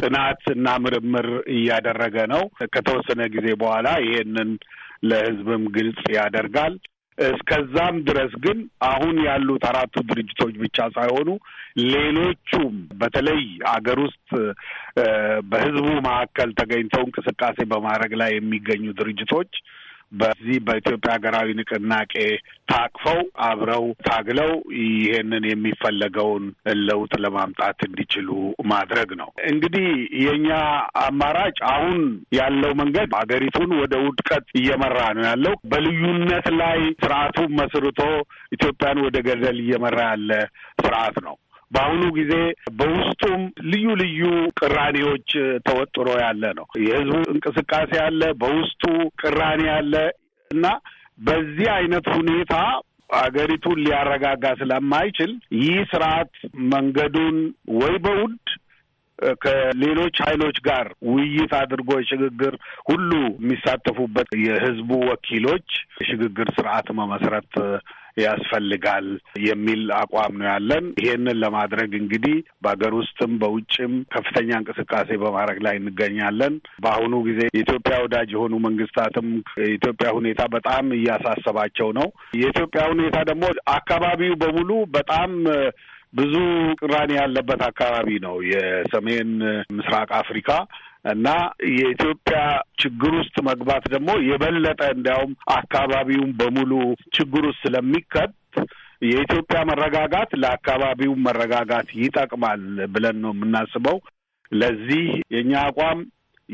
ጥናት እና ምርምር እያደረገ ነው። ከተወሰነ ጊዜ በኋላ ይሄንን ለህዝብም ግልጽ ያደርጋል። እስከዛም ድረስ ግን አሁን ያሉት አራቱ ድርጅቶች ብቻ ሳይሆኑ ሌሎቹም በተለይ አገር ውስጥ በህዝቡ መካከል ተገኝተው እንቅስቃሴ በማድረግ ላይ የሚገኙ ድርጅቶች በዚህ በኢትዮጵያ ሀገራዊ ንቅናቄ ታቅፈው አብረው ታግለው ይሄንን የሚፈለገውን ለውጥ ለማምጣት እንዲችሉ ማድረግ ነው። እንግዲህ የእኛ አማራጭ አሁን ያለው መንገድ ሀገሪቱን ወደ ውድቀት እየመራ ነው ያለው። በልዩነት ላይ ስርዓቱን መስርቶ ኢትዮጵያን ወደ ገደል እየመራ ያለ ስርዓት ነው። በአሁኑ ጊዜ በውስጡም ልዩ ልዩ ቅራኔዎች ተወጥሮ ያለ ነው። የህዝቡ እንቅስቃሴ አለ፣ በውስጡ ቅራኔ አለ እና በዚህ አይነት ሁኔታ አገሪቱን ሊያረጋጋ ስለማይችል ይህ ስርዓት መንገዱን ወይ በውድ ከሌሎች ኃይሎች ጋር ውይይት አድርጎ የሽግግር ሁሉ የሚሳተፉበት የህዝቡ ወኪሎች የሽግግር ስርዓት መመስረት ያስፈልጋል የሚል አቋም ነው ያለን። ይሄንን ለማድረግ እንግዲህ በሀገር ውስጥም በውጭም ከፍተኛ እንቅስቃሴ በማድረግ ላይ እንገኛለን። በአሁኑ ጊዜ የኢትዮጵያ ወዳጅ የሆኑ መንግስታትም የኢትዮጵያ ሁኔታ በጣም እያሳሰባቸው ነው። የኢትዮጵያ ሁኔታ ደግሞ አካባቢው በሙሉ በጣም ብዙ ቅራኔ ያለበት አካባቢ ነው የሰሜን ምስራቅ አፍሪካ እና የኢትዮጵያ ችግር ውስጥ መግባት ደግሞ የበለጠ እንዲያውም አካባቢውን በሙሉ ችግር ውስጥ ስለሚከት የኢትዮጵያ መረጋጋት ለአካባቢው መረጋጋት ይጠቅማል ብለን ነው የምናስበው። ለዚህ የእኛ አቋም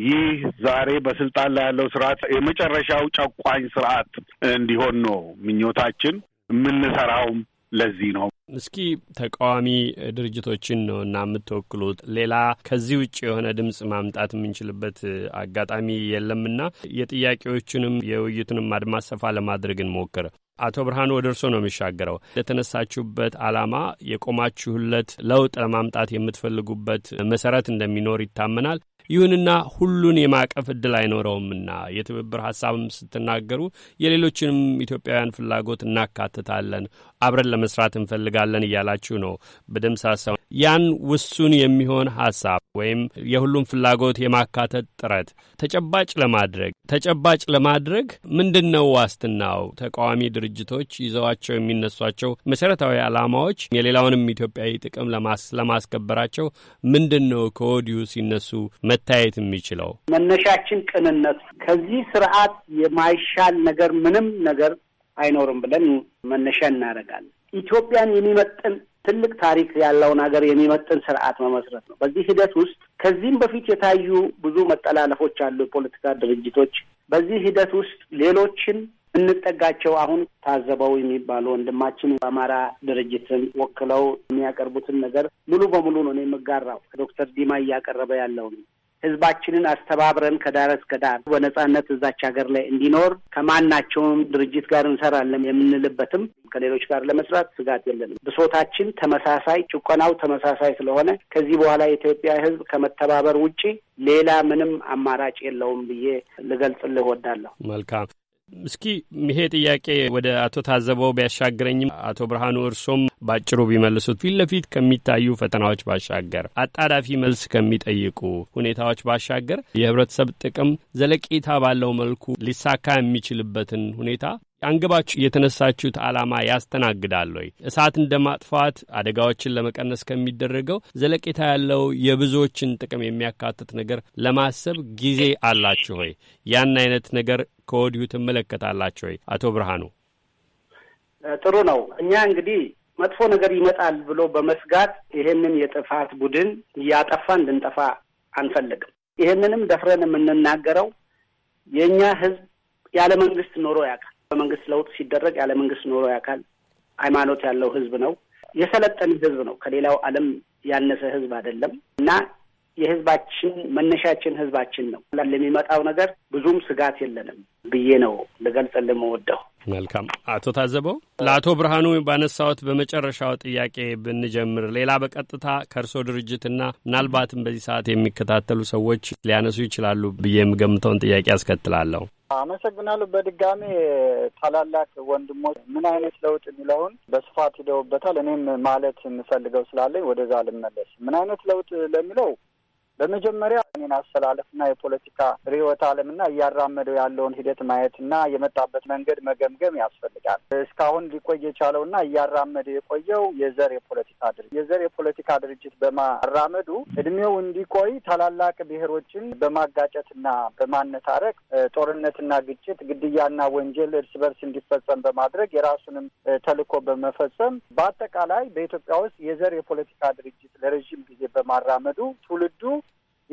ይህ ዛሬ በስልጣን ላይ ያለው ስርዓት የመጨረሻው ጨቋኝ ስርዓት እንዲሆን ነው ምኞታችን። የምንሰራውም ለዚህ ነው። እስኪ ተቃዋሚ ድርጅቶችን ነው እና የምትወክሉት ሌላ ከዚህ ውጭ የሆነ ድምፅ ማምጣት የምንችልበት አጋጣሚ የለምና የጥያቄዎቹንም የውይይቱንም አድማስ ሰፋ ለማድረግ እንሞክር። አቶ ብርሃኑ ወደ እርሶ ነው የሚሻገረው። እንደተነሳችሁበት ዓላማ የቆማችሁለት ለውጥ ለማምጣት የምትፈልጉበት መሰረት እንደሚኖር ይታመናል። ይሁንና ሁሉን የማቀፍ እድል አይኖረውምና የትብብር ሀሳብም ስትናገሩ የሌሎችንም ኢትዮጵያውያን ፍላጎት እናካትታለን አብረን ለመስራት እንፈልጋለን እያላችሁ ነው። በደም ያን ውሱን የሚሆን ሀሳብ ወይም የሁሉም ፍላጎት የማካተት ጥረት ተጨባጭ ለማድረግ ተጨባጭ ለማድረግ ምንድን ነው ዋስትናው? ተቃዋሚ ድርጅቶች ይዘዋቸው የሚነሷቸው መሰረታዊ ዓላማዎች የሌላውንም ኢትዮጵያዊ ጥቅም ለማስከበራቸው ምንድን ነው ከወዲሁ ሲነሱ መታየት የሚችለው? መነሻችን ቅንነት ከዚህ ስርዓት የማይሻል ነገር ምንም ነገር አይኖርም ብለን መነሻ እናደርጋለን። ኢትዮጵያን የሚመጥን ትልቅ ታሪክ ያለውን ሀገር የሚመጥን ስርዓት መመስረት ነው። በዚህ ሂደት ውስጥ ከዚህም በፊት የታዩ ብዙ መጠላለፎች አሉ። የፖለቲካ ድርጅቶች በዚህ ሂደት ውስጥ ሌሎችን እንጠጋቸው አሁን ታዘበው የሚባሉ ወንድማችን በአማራ ድርጅትን ወክለው የሚያቀርቡትን ነገር ሙሉ በሙሉ ነው የምጋራው። ዶክተር ዲማ እያቀረበ ያለው ነው። ህዝባችንን አስተባብረን ከዳር እስከ ዳር በነጻነት እዛች ሀገር ላይ እንዲኖር ከማናቸውም ድርጅት ጋር እንሰራለን የምንልበትም ከሌሎች ጋር ለመስራት ስጋት የለንም። ብሶታችን ተመሳሳይ፣ ጭቆናው ተመሳሳይ ስለሆነ ከዚህ በኋላ የኢትዮጵያ ህዝብ ከመተባበር ውጪ ሌላ ምንም አማራጭ የለውም ብዬ ልገልጽልህ እወዳለሁ። መልካም እስኪ ይሄ ጥያቄ ወደ አቶ ታዘበው ቢያሻግረኝም አቶ ብርሃኑ እርሶም ባጭሩ ቢመልሱት ፊት ለፊት ከሚታዩ ፈተናዎች ባሻገር አጣዳፊ መልስ ከሚጠይቁ ሁኔታዎች ባሻገር የህብረተሰብ ጥቅም ዘለቄታ ባለው መልኩ ሊሳካ የሚችልበትን ሁኔታ አንገባችሁ የተነሳችሁት ዓላማ ያስተናግዳል ወይ? እሳት እንደ ማጥፋት አደጋዎችን ለመቀነስ ከሚደረገው ዘለቄታ ያለው የብዙዎችን ጥቅም የሚያካትት ነገር ለማሰብ ጊዜ አላችሁ ሆይ? ያን አይነት ነገር ከወዲሁ ትመለከታላችሁ ወይ? አቶ ብርሃኑ ጥሩ ነው። እኛ እንግዲህ መጥፎ ነገር ይመጣል ብሎ በመስጋት ይሄንን የጥፋት ቡድን እያጠፋ እንድንጠፋ አንፈልግም። ይሄንንም ደፍረን የምንናገረው የእኛ ህዝብ ያለ መንግስት ኖሮ ያውቃል። በመንግስት ለውጥ ሲደረግ ያለ መንግስት ኖሮ ያካል ሃይማኖት ያለው ህዝብ ነው። የሰለጠነ ህዝብ ነው። ከሌላው ዓለም ያነሰ ህዝብ አይደለም እና የህዝባችን መነሻችን ህዝባችን ነው። ለሚመጣው ነገር ብዙም ስጋት የለንም ብዬ ነው ልገልጽልህ የምወደው። መልካም አቶ ታዘበው፣ ለአቶ ብርሃኑ ባነሳዎት በመጨረሻው ጥያቄ ብንጀምር፣ ሌላ በቀጥታ ከእርስዎ ድርጅትና ምናልባትም በዚህ ሰዓት የሚከታተሉ ሰዎች ሊያነሱ ይችላሉ ብዬ የምገምተውን ጥያቄ ያስከትላለሁ። አመሰግናለሁ። በድጋሚ ታላላቅ ወንድሞች ምን አይነት ለውጥ የሚለውን በስፋት ሂደውበታል። እኔም ማለት የምፈልገው ስላለኝ ወደዛ ልመለስ። ምን አይነት ለውጥ ለሚለው በመጀመሪያ እኔን አስተላለፍና የፖለቲካ ርዕዮተ ዓለምና እያራመደው ያለውን ሂደት ማየትና የመጣበት መንገድ መገምገም ያስፈልጋል። እስካሁን ሊቆይ የቻለውና እያራመደ የቆየው የዘር የፖለቲካ ድርጅት የዘር የፖለቲካ ድርጅት በማራመዱ እድሜው እንዲቆይ ታላላቅ ብሔሮችን በማጋጨትና በማነታረቅ ጦርነትና ግጭት፣ ግድያና ወንጀል እርስ በርስ እንዲፈጸም በማድረግ የራሱንም ተልዕኮ በመፈጸም በአጠቃላይ በኢትዮጵያ ውስጥ የዘር የፖለቲካ ድርጅት ለረዥም ጊዜ በማራመዱ ትውልዱ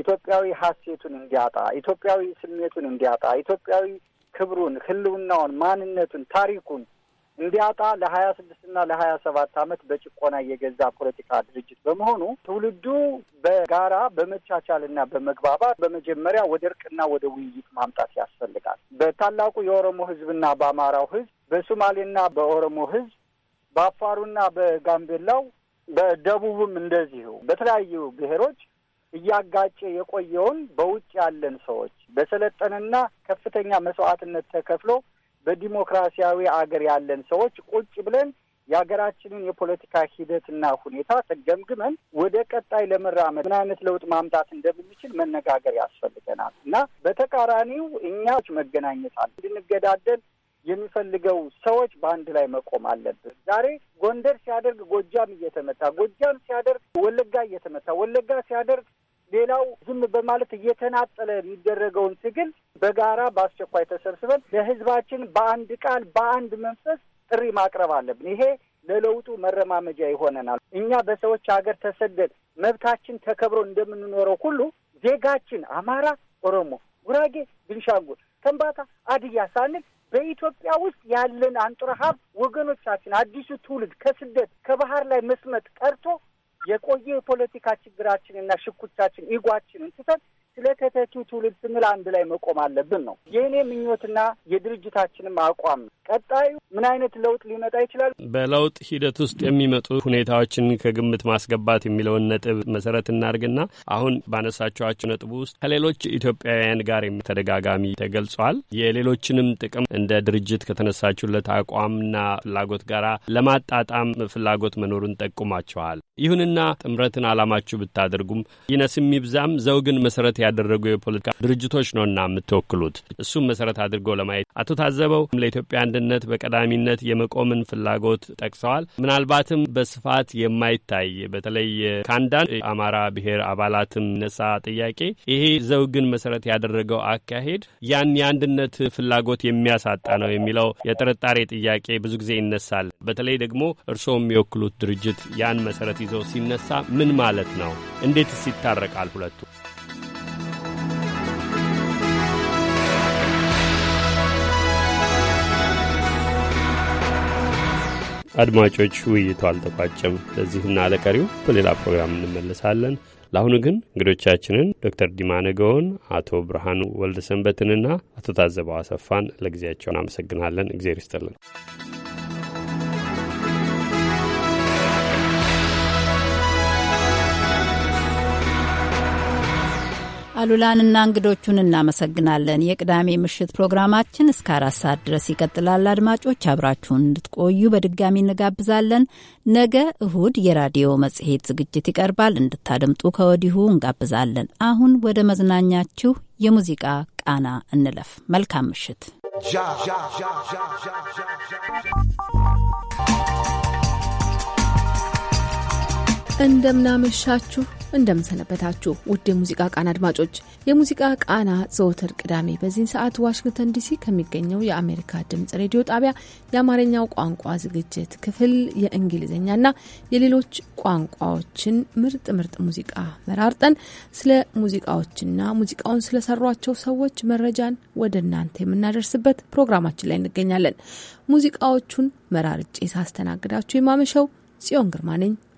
ኢትዮጵያዊ ሀሴቱን እንዲያጣ፣ ኢትዮጵያዊ ስሜቱን እንዲያጣ፣ ኢትዮጵያዊ ክብሩን፣ ህልውናውን፣ ማንነቱን፣ ታሪኩን እንዲያጣ ለሀያ ስድስትና ለሀያ ሰባት ዓመት በጭቆና የገዛ ፖለቲካ ድርጅት በመሆኑ ትውልዱ በጋራ በመቻቻልና በመግባባት በመጀመሪያ ወደ እርቅና ወደ ውይይት ማምጣት ያስፈልጋል። በታላቁ የኦሮሞ ህዝብና በአማራው ህዝብ፣ በሶማሌና በኦሮሞ ህዝብ፣ በአፋሩና በጋምቤላው፣ በደቡብም እንደዚሁ በተለያዩ ብሔሮች እያጋጨ የቆየውን በውጭ ያለን ሰዎች በሰለጠንና ከፍተኛ መስዋዕትነት ተከፍሎ በዲሞክራሲያዊ አገር ያለን ሰዎች ቁጭ ብለን የሀገራችንን የፖለቲካ ሂደትና ሁኔታ ተገምግመን ወደ ቀጣይ ለመራመድ ምን አይነት ለውጥ ማምጣት እንደምንችል መነጋገር ያስፈልገናል እና በተቃራኒው እኛዎች መገናኘት አለ እንድንገዳደል የሚፈልገው ሰዎች በአንድ ላይ መቆም አለብን። ዛሬ ጎንደር ሲያደርግ ጎጃም እየተመታ፣ ጎጃም ሲያደርግ ወለጋ እየተመታ፣ ወለጋ ሲያደርግ ሌላው ዝም በማለት እየተናጠለ የሚደረገውን ትግል በጋራ በአስቸኳይ ተሰብስበን ለህዝባችን በአንድ ቃል በአንድ መንፈስ ጥሪ ማቅረብ አለብን። ይሄ ለለውጡ መረማመጃ ይሆነናል። እኛ በሰዎች ሀገር ተሰደድ መብታችን ተከብሮ እንደምንኖረው ሁሉ ዜጋችን አማራ፣ ኦሮሞ፣ ጉራጌ፣ ብንሻንጉል፣ ከምባታ፣ አድያ ሳንል በኢትዮጵያ ውስጥ ያለን አንጡረ ወገኖቻችን አዲሱ ትውልድ ከስደት ከባህር ላይ መስመጥ ቀርቶ የቆየ የፖለቲካ ችግራችንና ሽኩቻችን ኢጓችንን ትተን ስለ ተተኪው ትውልድ ስንል አንድ ላይ መቆም አለብን ነው የእኔ ምኞትና የድርጅታችንም አቋም። ቀጣዩ ምን አይነት ለውጥ ሊመጣ ይችላል? በለውጥ ሂደት ውስጥ የሚመጡ ሁኔታዎችን ከግምት ማስገባት የሚለውን ነጥብ መሰረት እናድርግና አሁን ባነሳችኋቸው ነጥቡ ውስጥ ከሌሎች ኢትዮጵያውያን ጋር ተደጋጋሚ ተገልጿል። የሌሎችንም ጥቅም እንደ ድርጅት ከተነሳችሁለት አቋምና ፍላጎት ጋር ለማጣጣም ፍላጎት መኖሩን ጠቁማቸዋል። ይሁንና ጥምረትን አላማችሁ ብታደርጉም ይነስም ይብዛም ዘውግን መሰረት ያደረጉ የፖለቲካ ድርጅቶች ነውና የምትወክሉት። እሱም መሰረት አድርጎ ለማየት አቶ ታዘበው ለኢትዮጵያ አንድነት በቀዳሚነት የመቆምን ፍላጎት ጠቅሰዋል። ምናልባትም በስፋት የማይታይ በተለይ ከአንዳንድ የአማራ ብሔር አባላትም ነሳ ጥያቄ ይሄ ዘውግን መሰረት ያደረገው አካሄድ ያን የአንድነት ፍላጎት የሚያሳጣ ነው የሚለው የጥርጣሬ ጥያቄ ብዙ ጊዜ ይነሳል። በተለይ ደግሞ እርስዎ የሚወክሉት ድርጅት ያን መሰረት ይዘው ሲነሳ ምን ማለት ነው? እንዴትስ ይታረቃል ሁለቱ? አድማጮች፣ ውይይቱ አልተቋጨም። ለዚህና ለቀሪው በሌላ ፕሮግራም እንመልሳለን። ለአሁኑ ግን እንግዶቻችንን ዶክተር ዲማ ነገውን፣ አቶ ብርሃኑ ወልደሰንበትንና አቶ ታዘበው አሰፋን ለጊዜያቸውን አመሰግናለን። እግዜር ይስጥልን። አሉላንና እንግዶቹን እናመሰግናለን። የቅዳሜ ምሽት ፕሮግራማችን እስከ አራት ሰዓት ድረስ ይቀጥላል። አድማጮች አብራችሁን እንድትቆዩ በድጋሚ እንጋብዛለን። ነገ እሁድ የራዲዮ መጽሔት ዝግጅት ይቀርባል። እንድታደምጡ ከወዲሁ እንጋብዛለን። አሁን ወደ መዝናኛችሁ የሙዚቃ ቃና እንለፍ። መልካም ምሽት። እንደምናመሻችሁ እንደምንሰነበታችሁ ውድ የሙዚቃ ቃና አድማጮች፣ የሙዚቃ ቃና ዘወትር ቅዳሜ በዚህን ሰዓት ዋሽንግተን ዲሲ ከሚገኘው የአሜሪካ ድምጽ ሬዲዮ ጣቢያ የአማርኛው ቋንቋ ዝግጅት ክፍል የእንግሊዝኛና የሌሎች ቋንቋዎችን ምርጥ ምርጥ ሙዚቃ መራርጠን ስለ ሙዚቃዎችና ሙዚቃውን ስለሰሯቸው ሰዎች መረጃን ወደ እናንተ የምናደርስበት ፕሮግራማችን ላይ እንገኛለን። ሙዚቃዎቹን መራርጬ ሳስተናግዳችሁ የማመሸው ጽዮን ግርማ ነኝ።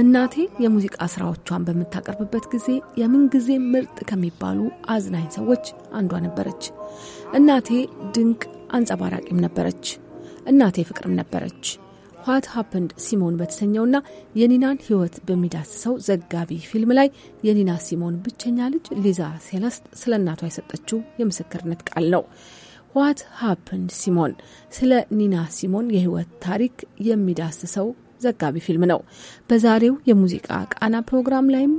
እናቴ የሙዚቃ ስራዎቿን በምታቀርብበት ጊዜ የምንጊዜ ምርጥ ከሚባሉ አዝናኝ ሰዎች አንዷ ነበረች። እናቴ ድንቅ አንጸባራቂም ነበረች። እናቴ ፍቅርም ነበረች። ዋት ሀፕንድ ሲሞን በተሰኘውና የኒናን ሕይወት በሚዳስሰው ዘጋቢ ፊልም ላይ የኒና ሲሞን ብቸኛ ልጅ ሊዛ ሴለስት ስለ እናቷ የሰጠችው የምስክርነት ቃል ነው። ዋት ሀፕንድ ሲሞን ስለ ኒና ሲሞን የሕይወት ታሪክ የሚዳስሰው ዘጋቢ ፊልም ነው። በዛሬው የሙዚቃ ቃና ፕሮግራም ላይም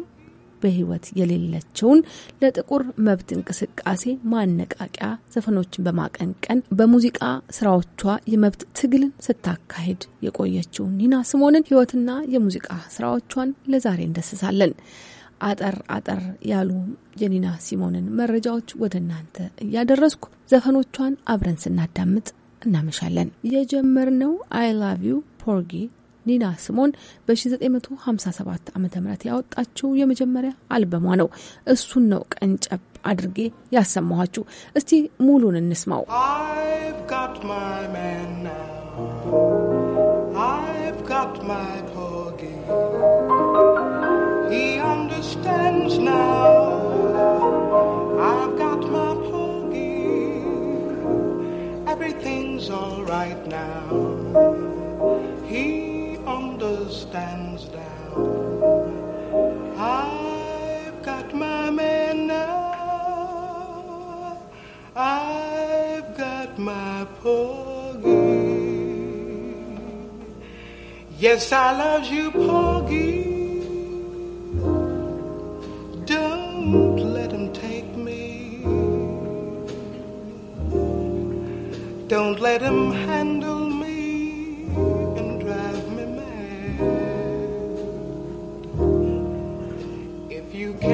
በህይወት የሌለችውን ለጥቁር መብት እንቅስቃሴ ማነቃቂያ ዘፈኖችን በማቀንቀን በሙዚቃ ስራዎቿ የመብት ትግልን ስታካሄድ የቆየችው ኒና ስሞንን ህይወትና የሙዚቃ ስራዎቿን ለዛሬ እንደስሳለን። አጠር አጠር ያሉ የኒና ሲሞንን መረጃዎች ወደ እናንተ እያደረስኩ ዘፈኖቿን አብረን ስናዳምጥ እናመሻለን። የጀመርነው አይ ላቭ ዩ ፖርጊ ኒና ስሞን በ1957 ዓ ም ያወጣችው የመጀመሪያ አልበሟ ነው። እሱን ነው ቀንጨብ አድርጌ ያሰማኋችሁ። እስቲ ሙሉን እንስማው። Everything's all right now. stands down. I've got my man now. I've got my Porgy. Yes, I love you, Porgy. Don't let him handle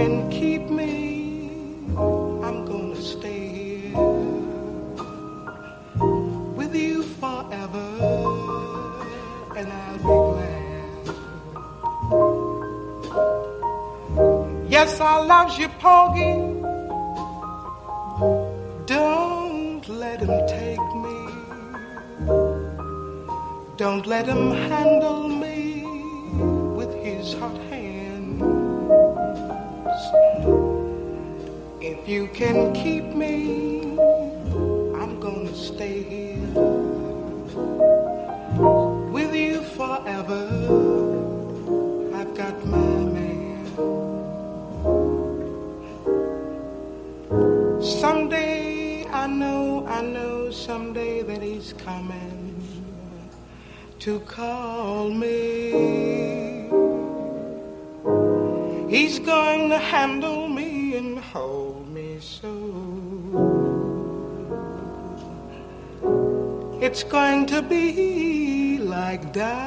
and keep me. I'm gonna stay here with you forever, and I'll be glad. Yes, I love you, Poggy. Don't let him take me. Don't let him handle you can keep me, I'm gonna stay here with you forever. I've got my man. Someday I know, I know someday that he's coming to call me. He's going to handle me and hold. it's going to be like dying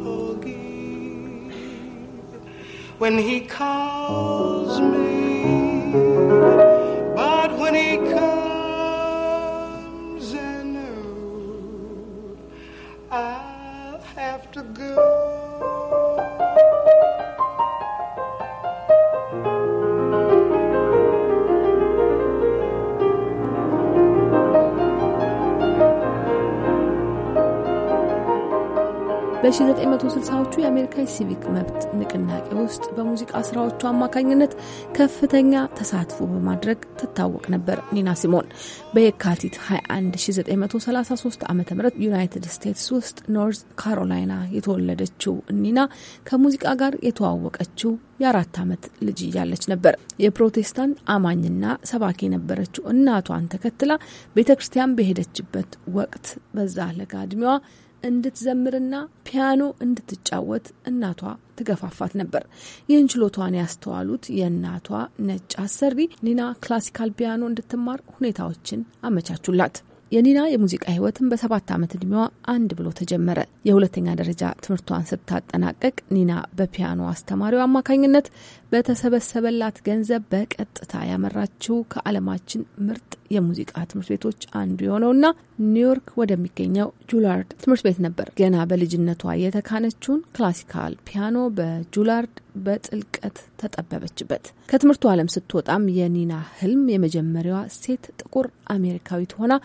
Pogi when he calls me. በ1960ዎቹ የአሜሪካ ሲቪክ መብት ንቅናቄ ውስጥ በሙዚቃ ስራዎቹ አማካኝነት ከፍተኛ ተሳትፎ በማድረግ ትታወቅ ነበር። ኒና ሲሞን በየካቲት 21 1933 ዓ ም ዩናይትድ ስቴትስ ውስጥ ኖርዝ ካሮላይና የተወለደችው ኒና ከሙዚቃ ጋር የተዋወቀችው የአራት ዓመት ልጅ እያለች ነበር። የፕሮቴስታንት አማኝና ሰባኪ የነበረችው እናቷን ተከትላ ቤተ ክርስቲያን በሄደችበት ወቅት በዛ ለጋ እድሜዋ እንድትዘምርና ፒያኖ እንድትጫወት እናቷ ትገፋፋት ነበር። ይህን ችሎቷን ያስተዋሉት የእናቷ ነጭ አሰሪ ኒና ክላሲካል ፒያኖ እንድትማር ሁኔታዎችን አመቻቹላት። የኒና የሙዚቃ ህይወትን በሰባት ዓመት እድሜዋ አንድ ብሎ ተጀመረ። የሁለተኛ ደረጃ ትምህርቷን ስታጠናቀቅ ኒና በፒያኖ አስተማሪው አማካኝነት በተሰበሰበላት ገንዘብ በቀጥታ ያመራችው ከዓለማችን ምርጥ የሙዚቃ ትምህርት ቤቶች አንዱ የሆነውና ኒውዮርክ ወደሚገኘው ጁላርድ ትምህርት ቤት ነበር። ገና በልጅነቷ የተካነችውን ክላሲካል ፒያኖ በጁላርድ በጥልቀት ተጠበበችበት። ከትምህርቱ ዓለም ስትወጣም የኒና ህልም የመጀመሪያዋ ሴት ጥቁር አሜሪካዊት ሆና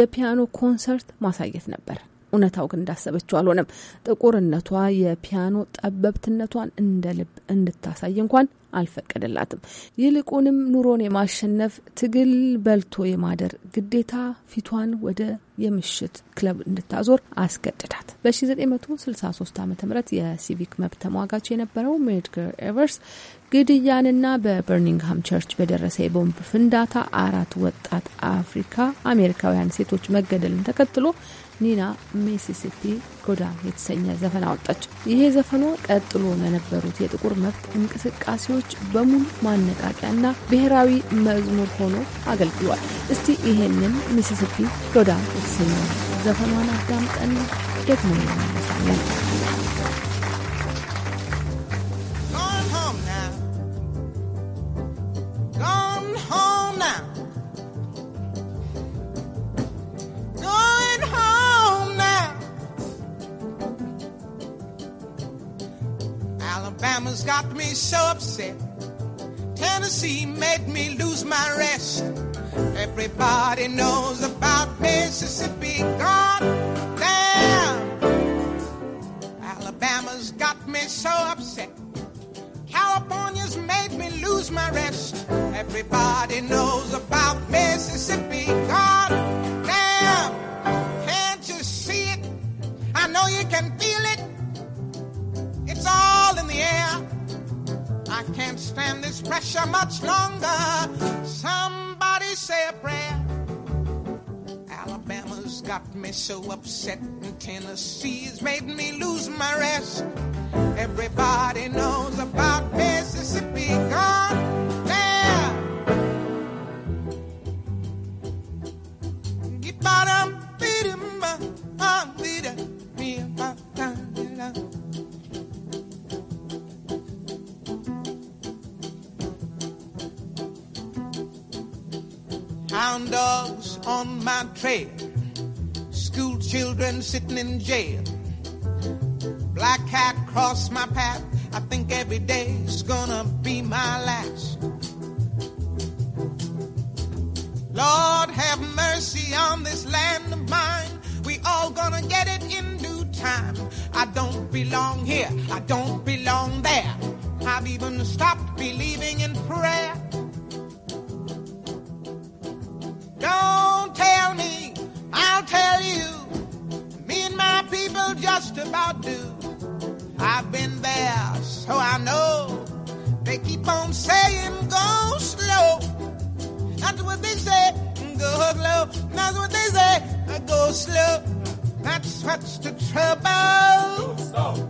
የፒያኖ ኮንሰርት ማሳየት ነበር። እውነታው ግን እንዳሰበችው አልሆነም። ጥቁርነቷ የፒያኖ ጠበብትነቷን እንደ ልብ እንድታሳይ እንኳን አልፈቀደላትም። ይልቁንም ኑሮን የማሸነፍ ትግል በልቶ የማደር ግዴታ ፊቷን ወደ የምሽት ክለብ እንድታዞር አስገድዳት። በ1963 ዓ ም የሲቪክ መብት ተሟጋች የነበረው ሜድገር ኤቨርስ ግድያንና በበርሚንግሃም ቸርች በደረሰ የቦምብ ፍንዳታ አራት ወጣት አፍሪካ አሜሪካውያን ሴቶች መገደልን ተከትሎ ኒና ሚሲሲፒ ጎዳ የተሰኘ ዘፈን አወጣች። ይሄ ዘፈኗ ቀጥሎ ለነበሩት የጥቁር መብት እንቅስቃሴዎች በሙሉ ማነቃቂያ እና ብሔራዊ መዝሙር ሆኖ አገልግሏል። እስቲ ይሄንን ሚሲሲፒ ጎዳ የተሰኘ ዘፈኗን አዳምጠን ደግሞ እንመለሳለን። Gone home now. Alabama's got me so upset. Tennessee made me lose my rest. Everybody knows about Mississippi. God damn. Alabama's got me so upset. California's made me lose my rest. Everybody knows about pressure much longer. Somebody say a prayer. Alabama's got me so upset, and Tennessee's made me lose my rest. Everybody knows about Mississippi gone. trail, school children sitting in jail. Black cat cross my path. I think every day's gonna be my last. Lord, have mercy on this land of mine. We all gonna get it in due time. I don't belong here. I don't belong there. I've even stopped believing in prayer. tell you, me and my people just about do. I've been there, so I know. They keep on saying go slow. That's what they say, go slow. That's what they say, go slow. That's what's the trouble. Go slow.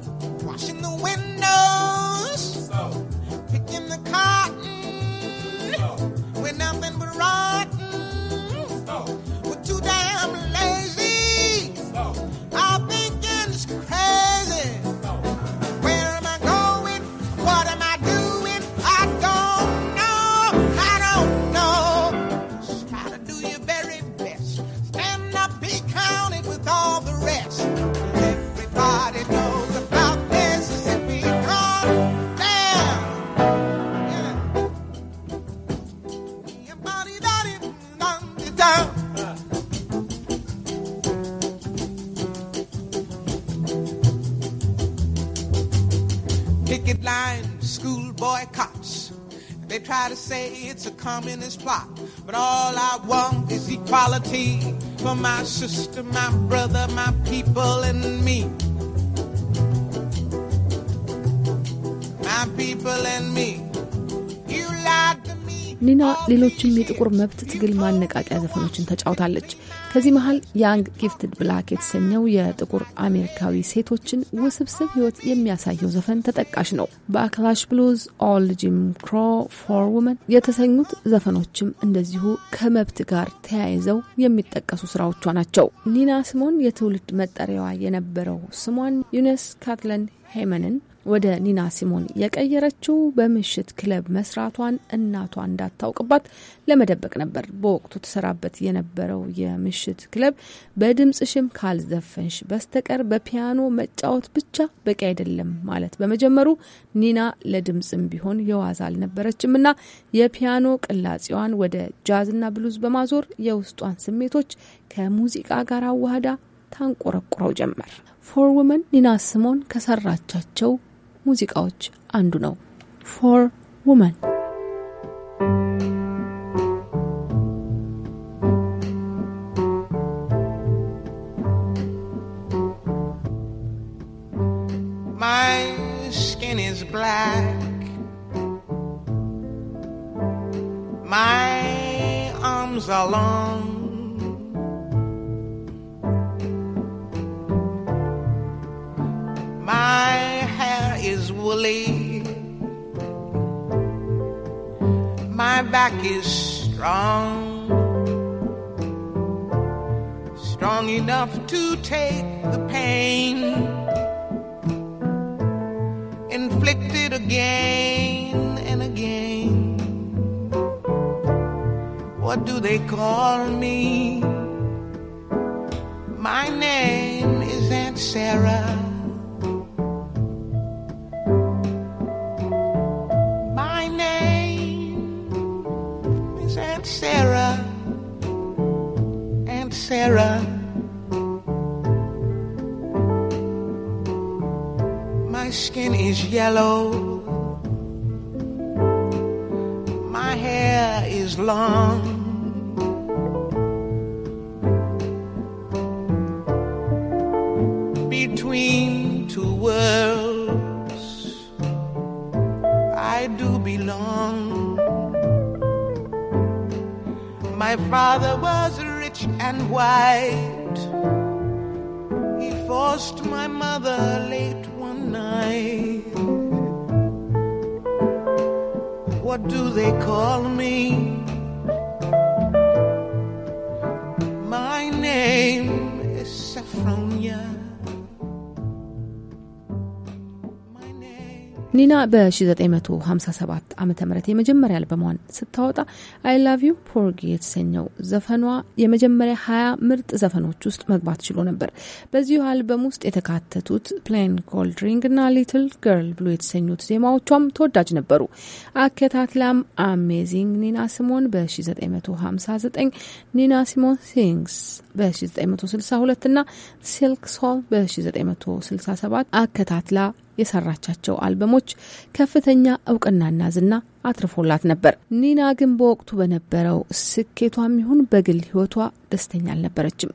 communist plot. But all I want is equality for my sister, my brother, my people, and me. ኒና ሌሎችም የጥቁር መብት ትግል ማነቃቂያ ዘፈኖችን ተጫውታለች። ከዚህ መሀል ያንግ ጊፍትድ ብላክ የተሰኘው የጥቁር አሜሪካዊ ሴቶችን ውስብስብ ሕይወት የሚያሳየው ዘፈን ተጠቃሽ ነው። በአክላሽ ብሉዝ፣ ኦል ጂም ክሮ፣ ፎር ውመን የተሰኙት ዘፈኖችም እንደዚሁ ከመብት ጋር ተያይዘው የሚጠቀሱ ስራዎቿ ናቸው። ኒና ስሞን የትውልድ መጠሪያዋ የነበረው ስሟን ዩነስ ካትለን ሄመንን ወደ ኒና ሲሞን የቀየረችው በምሽት ክለብ መስራቷን እናቷ እንዳታውቅባት ለመደበቅ ነበር። በወቅቱ ተሰራበት የነበረው የምሽት ክለብ በድምጽ ሽም ካልዘፈንሽ በስተቀር በፒያኖ መጫወት ብቻ በቂ አይደለም ማለት በመጀመሩ ኒና ለድምጽም ቢሆን የዋዛ አልነበረችም እና የፒያኖ ቅላጼዋን ወደ ጃዝና ብሉዝ በማዞር የውስጧን ስሜቶች ከሙዚቃ ጋር አዋህዳ ታንቆረቁረው ጀመር። ፎር ውመን ኒና ሲሞን ከሰራቻቸው ሙዚቃዎች አንዱ ነው። ፎር ውመን I do belong. My father was rich and white. He forced my mother late one night. What do they call me? My name ኒና በ1957 ዓ ም የመጀመሪያ አልበሟን ስታወጣ አይ ላቭ ዩ ፖርጊ የተሰኘው ዘፈኗ የመጀመሪያ 20 ምርጥ ዘፈኖች ውስጥ መግባት ችሎ ነበር። በዚሁ አልበም ውስጥ የተካተቱት ፕላን ኮልድ ሪንግ እና ሊትል ገርል ብሎ የተሰኙት ዜማዎቿም ተወዳጅ ነበሩ። አከታትላም አሜዚንግ ኒና ሲሞን በ1959 ኒና ሲሞን ሲንግስ በ1962 እና ሲልክ ሶል በ1967 አከታትላ የሰራቻቸው አልበሞች ከፍተኛ እውቅናና ዝና አትርፎላት ነበር። ኒና ግን በወቅቱ በነበረው ስኬቷም ይሁን በግል ህይወቷ ደስተኛ አልነበረችም።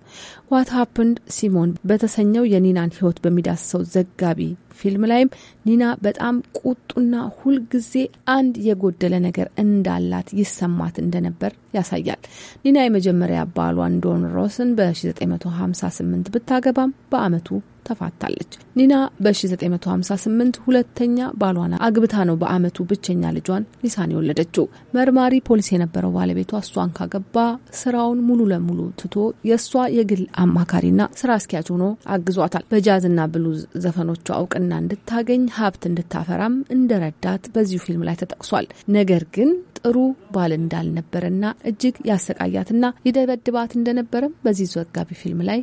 ዋት ሀፕንድ ሲሞን በተሰኘው የኒናን ህይወት በሚዳስሰው ዘጋቢ ፊልም ላይም ኒና በጣም ቁጡና ሁልጊዜ አንድ የጎደለ ነገር እንዳላት ይሰማት እንደነበር ያሳያል። ኒና የመጀመሪያ ባሏን ዶን ሮስን በ1958 ብታገባም በአመቱ ተፋታለች። ኒና በ1958 ሁለተኛ ባሏን አግብታ ነው በአመቱ ብቸኛ ልጇን ሊሳን የወለደችው። መርማሪ ፖሊስ የነበረው ባለቤቷ እሷን ካገባ ስራውን ሙሉ ለሙሉ ትቶ የእሷ የግል አማካሪና ስራ አስኪያጅ ሆኖ አግዟታል። በጃዝና ብሉዝ ዘፈኖቿ እውቅና እንድታገኝ ሀብት እንድታፈራም እንደረዳት በዚሁ ፊልም ላይ ተጠቅሷል። ነገር ግን ጥሩ ባል እንዳልነበረና እጅግ ያሰቃያትና ይደበድባት እንደነበረም በዚህ ዘጋቢ ፊልም ላይ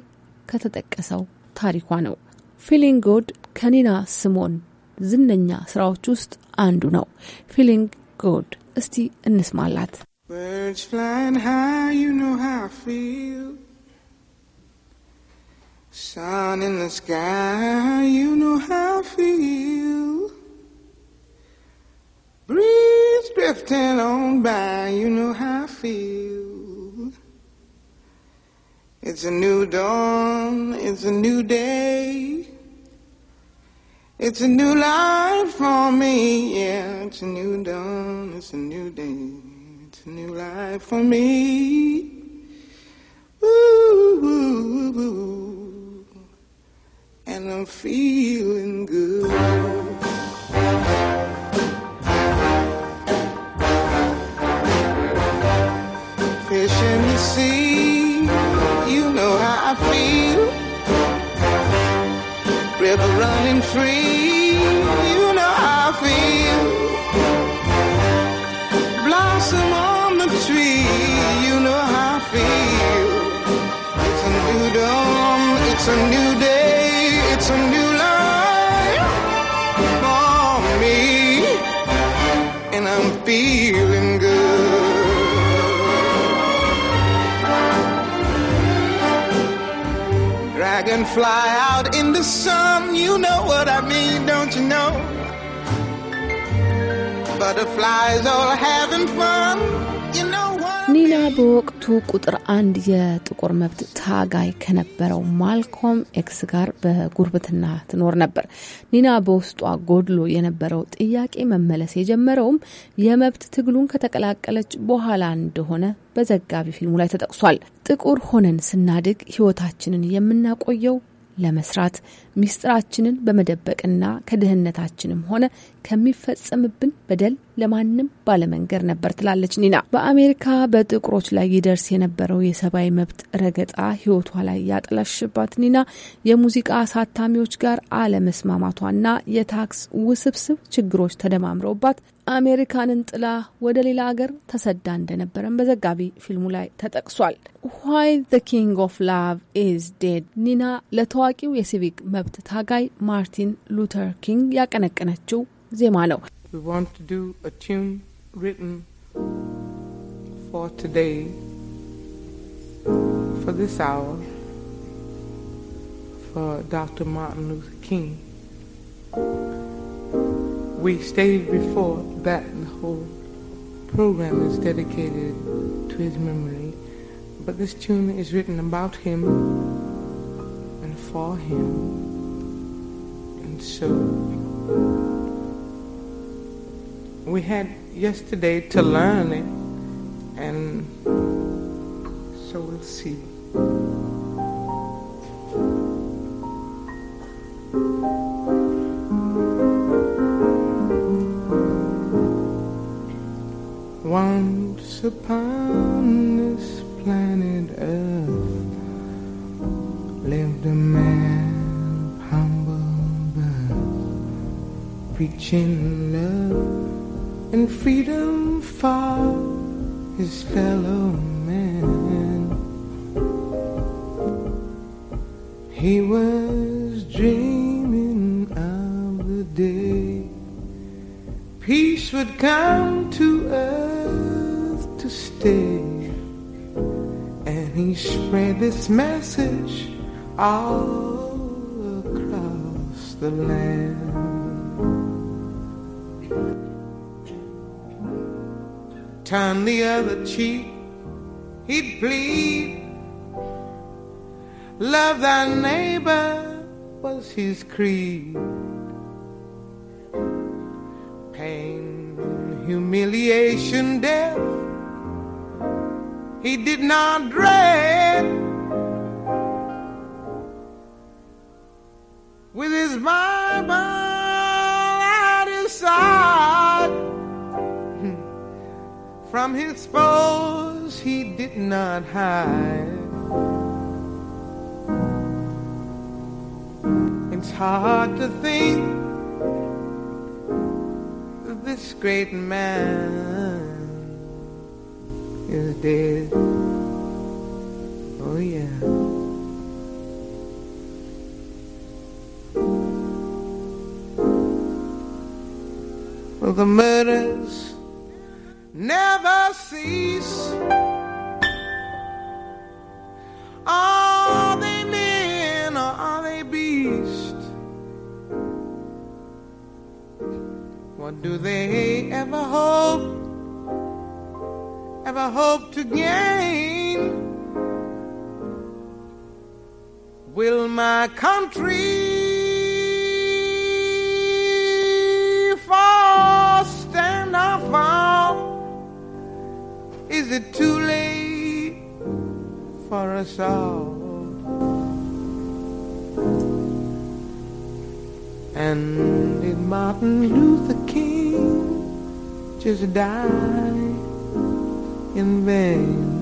ከተጠቀሰው ታሪኳ ነው። ፊሊንግ ጎድ ከኒና ስሞን ዝነኛ ስራዎች ውስጥ አንዱ ነው። ፊሊንግ ጎድ እስቲ እንስማላት። Birds flying high, you know how I feel. Sun in the sky, you know how I feel. Breeze drifting on by, you know how I feel. It's a new dawn, it's a new day. It's a new life for me, yeah. It's a new dawn, it's a new day. It's a new life for me. Ooh, ooh, ooh, and I'm feeling good. river running free. You know how I feel. Blossom on the tree. You know how I feel. It's a new dawn. It's a new day. It's a new life for me. And I'm feeling good. dragonfly out in the sun. You know what I mean, don't you know? Butterflies all having fun. ኒና በወቅቱ ቁጥር አንድ የጥቁር መብት ታጋይ ከነበረው ማልኮም ኤክስ ጋር በጉርብትና ትኖር ነበር። ኒና በውስጧ ጎድሎ የነበረው ጥያቄ መመለስ የጀመረውም የመብት ትግሉን ከተቀላቀለች በኋላ እንደሆነ በዘጋቢ ፊልሙ ላይ ተጠቅሷል። ጥቁር ሆነን ስናድግ ሕይወታችንን የምናቆየው ለመስራት ሚስጥራችንን በመደበቅና ከድህነታችንም ሆነ ከሚፈጸምብን በደል ለማንም ባለመንገር ነበር ትላለች ኒና። በአሜሪካ በጥቁሮች ላይ ይደርስ የነበረው የሰብአዊ መብት ረገጣ ህይወቷ ላይ ያጠላሽባት ኒና የሙዚቃ አሳታሚዎች ጋር አለመስማማቷና የታክስ ውስብስብ ችግሮች ተደማምረውባት አሜሪካንን ጥላ ወደ ሌላ አገር ተሰዳ እንደነበረም በዘጋቢ ፊልሙ ላይ ተጠቅሷል። ዋይ ዘ ኪንግ ኦፍ ላቭ ኢዝ ዴድ ኒና ለታዋቂው የሲቪክ መብት ታጋይ ማርቲን ሉተር ኪንግ ያቀነቀነችው ዜማ ነው። ዶክተር ማርቲን ሉተር ኪንግ we stayed before that the whole program is dedicated to his memory. But this tune is written about him and for him. And so we had yesterday to learn it, and so we'll see. Once upon this planet Earth lived a man of humble birth, preaching love and freedom for his fellow man. He was dreaming of the day peace would come and he spread this message all across the land. Turn the other cheek, he'd plead. Love thy neighbor was his creed. Pain, humiliation, death he did not dread. With his Bible at his side, from his foes he did not hide. It's hard to think this great man is dead. Oh yeah. Well, the murders never cease. Are they men or are they beasts? What do they ever hope? ever hope to gain. Will my country fall, stand or fall? Is it too late for us all? And did Martin Luther King just die? in vain.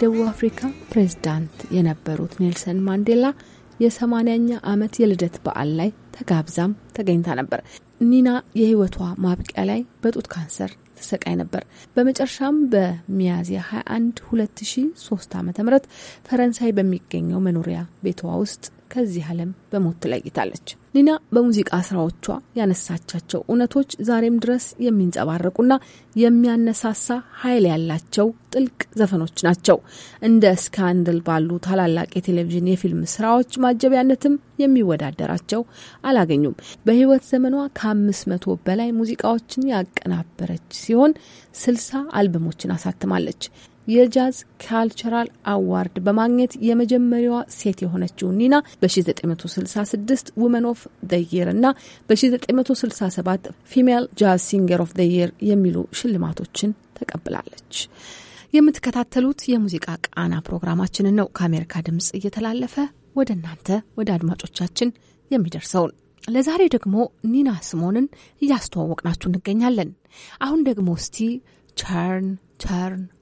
የደቡብ አፍሪካ ፕሬዝዳንት የነበሩት ኔልሰን ማንዴላ የሰማንያኛ ዓመት የልደት በዓል ላይ ተጋብዛም ተገኝታ ነበር። ኒና የህይወቷ ማብቂያ ላይ በጡት ካንሰር ተሰቃይ ነበር። በመጨረሻም በሚያዝያ 21 2003 ዓ ም ፈረንሳይ በሚገኘው መኖሪያ ቤቷ ውስጥ ከዚህ ዓለም በሞት ትለይታለች። ኒና በሙዚቃ ስራዎቿ ያነሳቻቸው እውነቶች ዛሬም ድረስ የሚንጸባረቁና የሚያነሳሳ ኃይል ያላቸው ጥልቅ ዘፈኖች ናቸው። እንደ ስካንድል ባሉ ታላላቅ የቴሌቪዥን የፊልም ስራዎች ማጀቢያነትም የሚወዳደራቸው አላገኙም። በህይወት ዘመኗ ከአምስት መቶ በላይ ሙዚቃዎችን ያቀናበረች ሲሆን ስልሳ አልበሞችን አሳትማለች። የጃዝ ካልቸራል አዋርድ በማግኘት የመጀመሪያዋ ሴት የሆነችው ኒና በ1966 ውመን ኦፍ ዘ የር እና በ1967 ፊሜል ጃዝ ሲንገር ኦፍ ዘ የር የሚሉ ሽልማቶችን ተቀብላለች። የምትከታተሉት የሙዚቃ ቃና ፕሮግራማችንን ነው ከአሜሪካ ድምፅ እየተላለፈ ወደ እናንተ ወደ አድማጮቻችን የሚደርሰውን። ለዛሬ ደግሞ ኒና ስሞንን እያስተዋወቅናችሁ እንገኛለን። አሁን ደግሞ እስቲ ተርን ተርን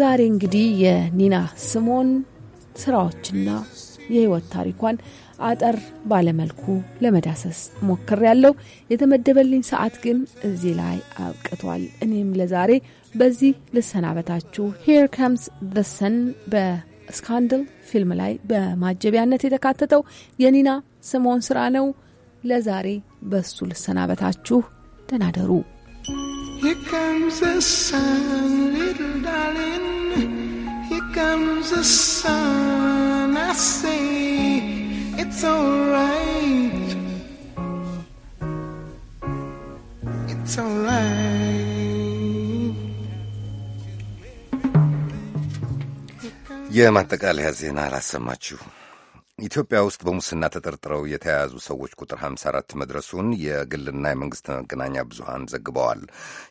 ለዛሬ እንግዲህ የኒና ስሞን ስራዎችና የህይወት ታሪኳን አጠር ባለመልኩ ለመዳሰስ ሞክር ያለው የተመደበልኝ ሰዓት ግን እዚህ ላይ አብቅቷል። እኔም ለዛሬ በዚህ ልሰናበታችሁ። ሄር ከምስ ዘ ሰን በስካንድል ፊልም ላይ በማጀቢያነት የተካተተው የኒና ስሞን ስራ ነው። ለዛሬ በሱ ልሰናበታችሁ። ደህና ደሩ። Here comes the sun, little darling. Here comes the sun. I say it's alright. It's alright. የማጠቃለያ ዜና አላሰማችሁ ኢትዮጵያ ውስጥ በሙስና ተጠርጥረው የተያያዙ ሰዎች ቁጥር 54 መድረሱን የግልና የመንግስት መገናኛ ብዙሃን ዘግበዋል።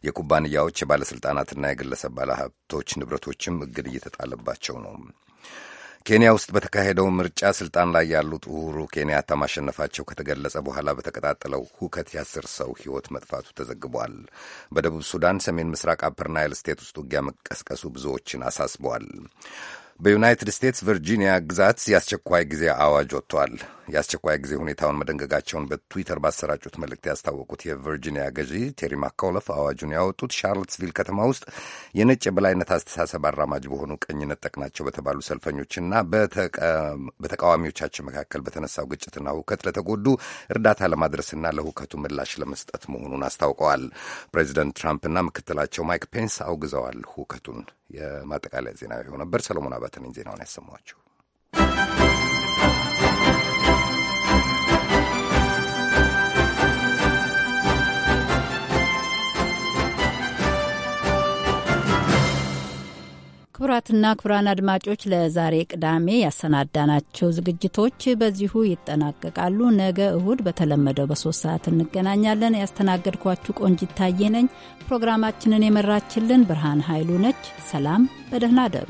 የኩባንያዎች የባለሥልጣናትና የግለሰብ ባለሀብቶች ንብረቶችም እግድ እየተጣለባቸው ነው። ኬንያ ውስጥ በተካሄደው ምርጫ ስልጣን ላይ ያሉት ኡሁሩ ኬንያታ ማሸነፋቸው ከተገለጸ በኋላ በተቀጣጠለው ሁከት የአስር ሰው ሕይወት መጥፋቱ ተዘግቧል። በደቡብ ሱዳን ሰሜን ምስራቅ አፐር ናይል ስቴት ውስጥ ውጊያ መቀስቀሱ ብዙዎችን አሳስበዋል። በዩናይትድ ስቴትስ ቨርጂኒያ ግዛት የአስቸኳይ ጊዜ አዋጅ ወጥቷል። የአስቸኳይ ጊዜ ሁኔታውን መደንገጋቸውን በትዊተር ባሰራጩት መልእክት ያስታወቁት የቨርጂኒያ ገዢ ቴሪ ማካውለፍ አዋጁን ያወጡት ሻርልትስቪል ከተማ ውስጥ የነጭ የበላይነት አስተሳሰብ አራማጅ በሆኑ ቀኝነት ጠቅናቸው በተባሉ ሰልፈኞችና በተቃዋሚዎቻችን መካከል በተነሳው ግጭትና ሁከት ለተጎዱ እርዳታ ለማድረስና ለሁከቱ ምላሽ ለመስጠት መሆኑን አስታውቀዋል። ፕሬዚደንት ትራምፕና ምክትላቸው ማይክ ፔንስ አውግዘዋል ሁከቱን። የማጠቃለያ ዜና ይኸው ነበር። ሰለሞን አባተ ነኝ ዜናውን ያሰማኋችሁ። ክቡራትና ክቡራን አድማጮች ለዛሬ ቅዳሜ ያሰናዳናቸው ዝግጅቶች በዚሁ ይጠናቀቃሉ። ነገ እሁድ በተለመደው በሶስት ሰዓት እንገናኛለን። ያስተናገድኳችሁ ቆንጂት ታዬ ነኝ። ፕሮግራማችንን የመራችልን ብርሃን ኃይሉ ነች። ሰላም፣ በደህና አደሩ።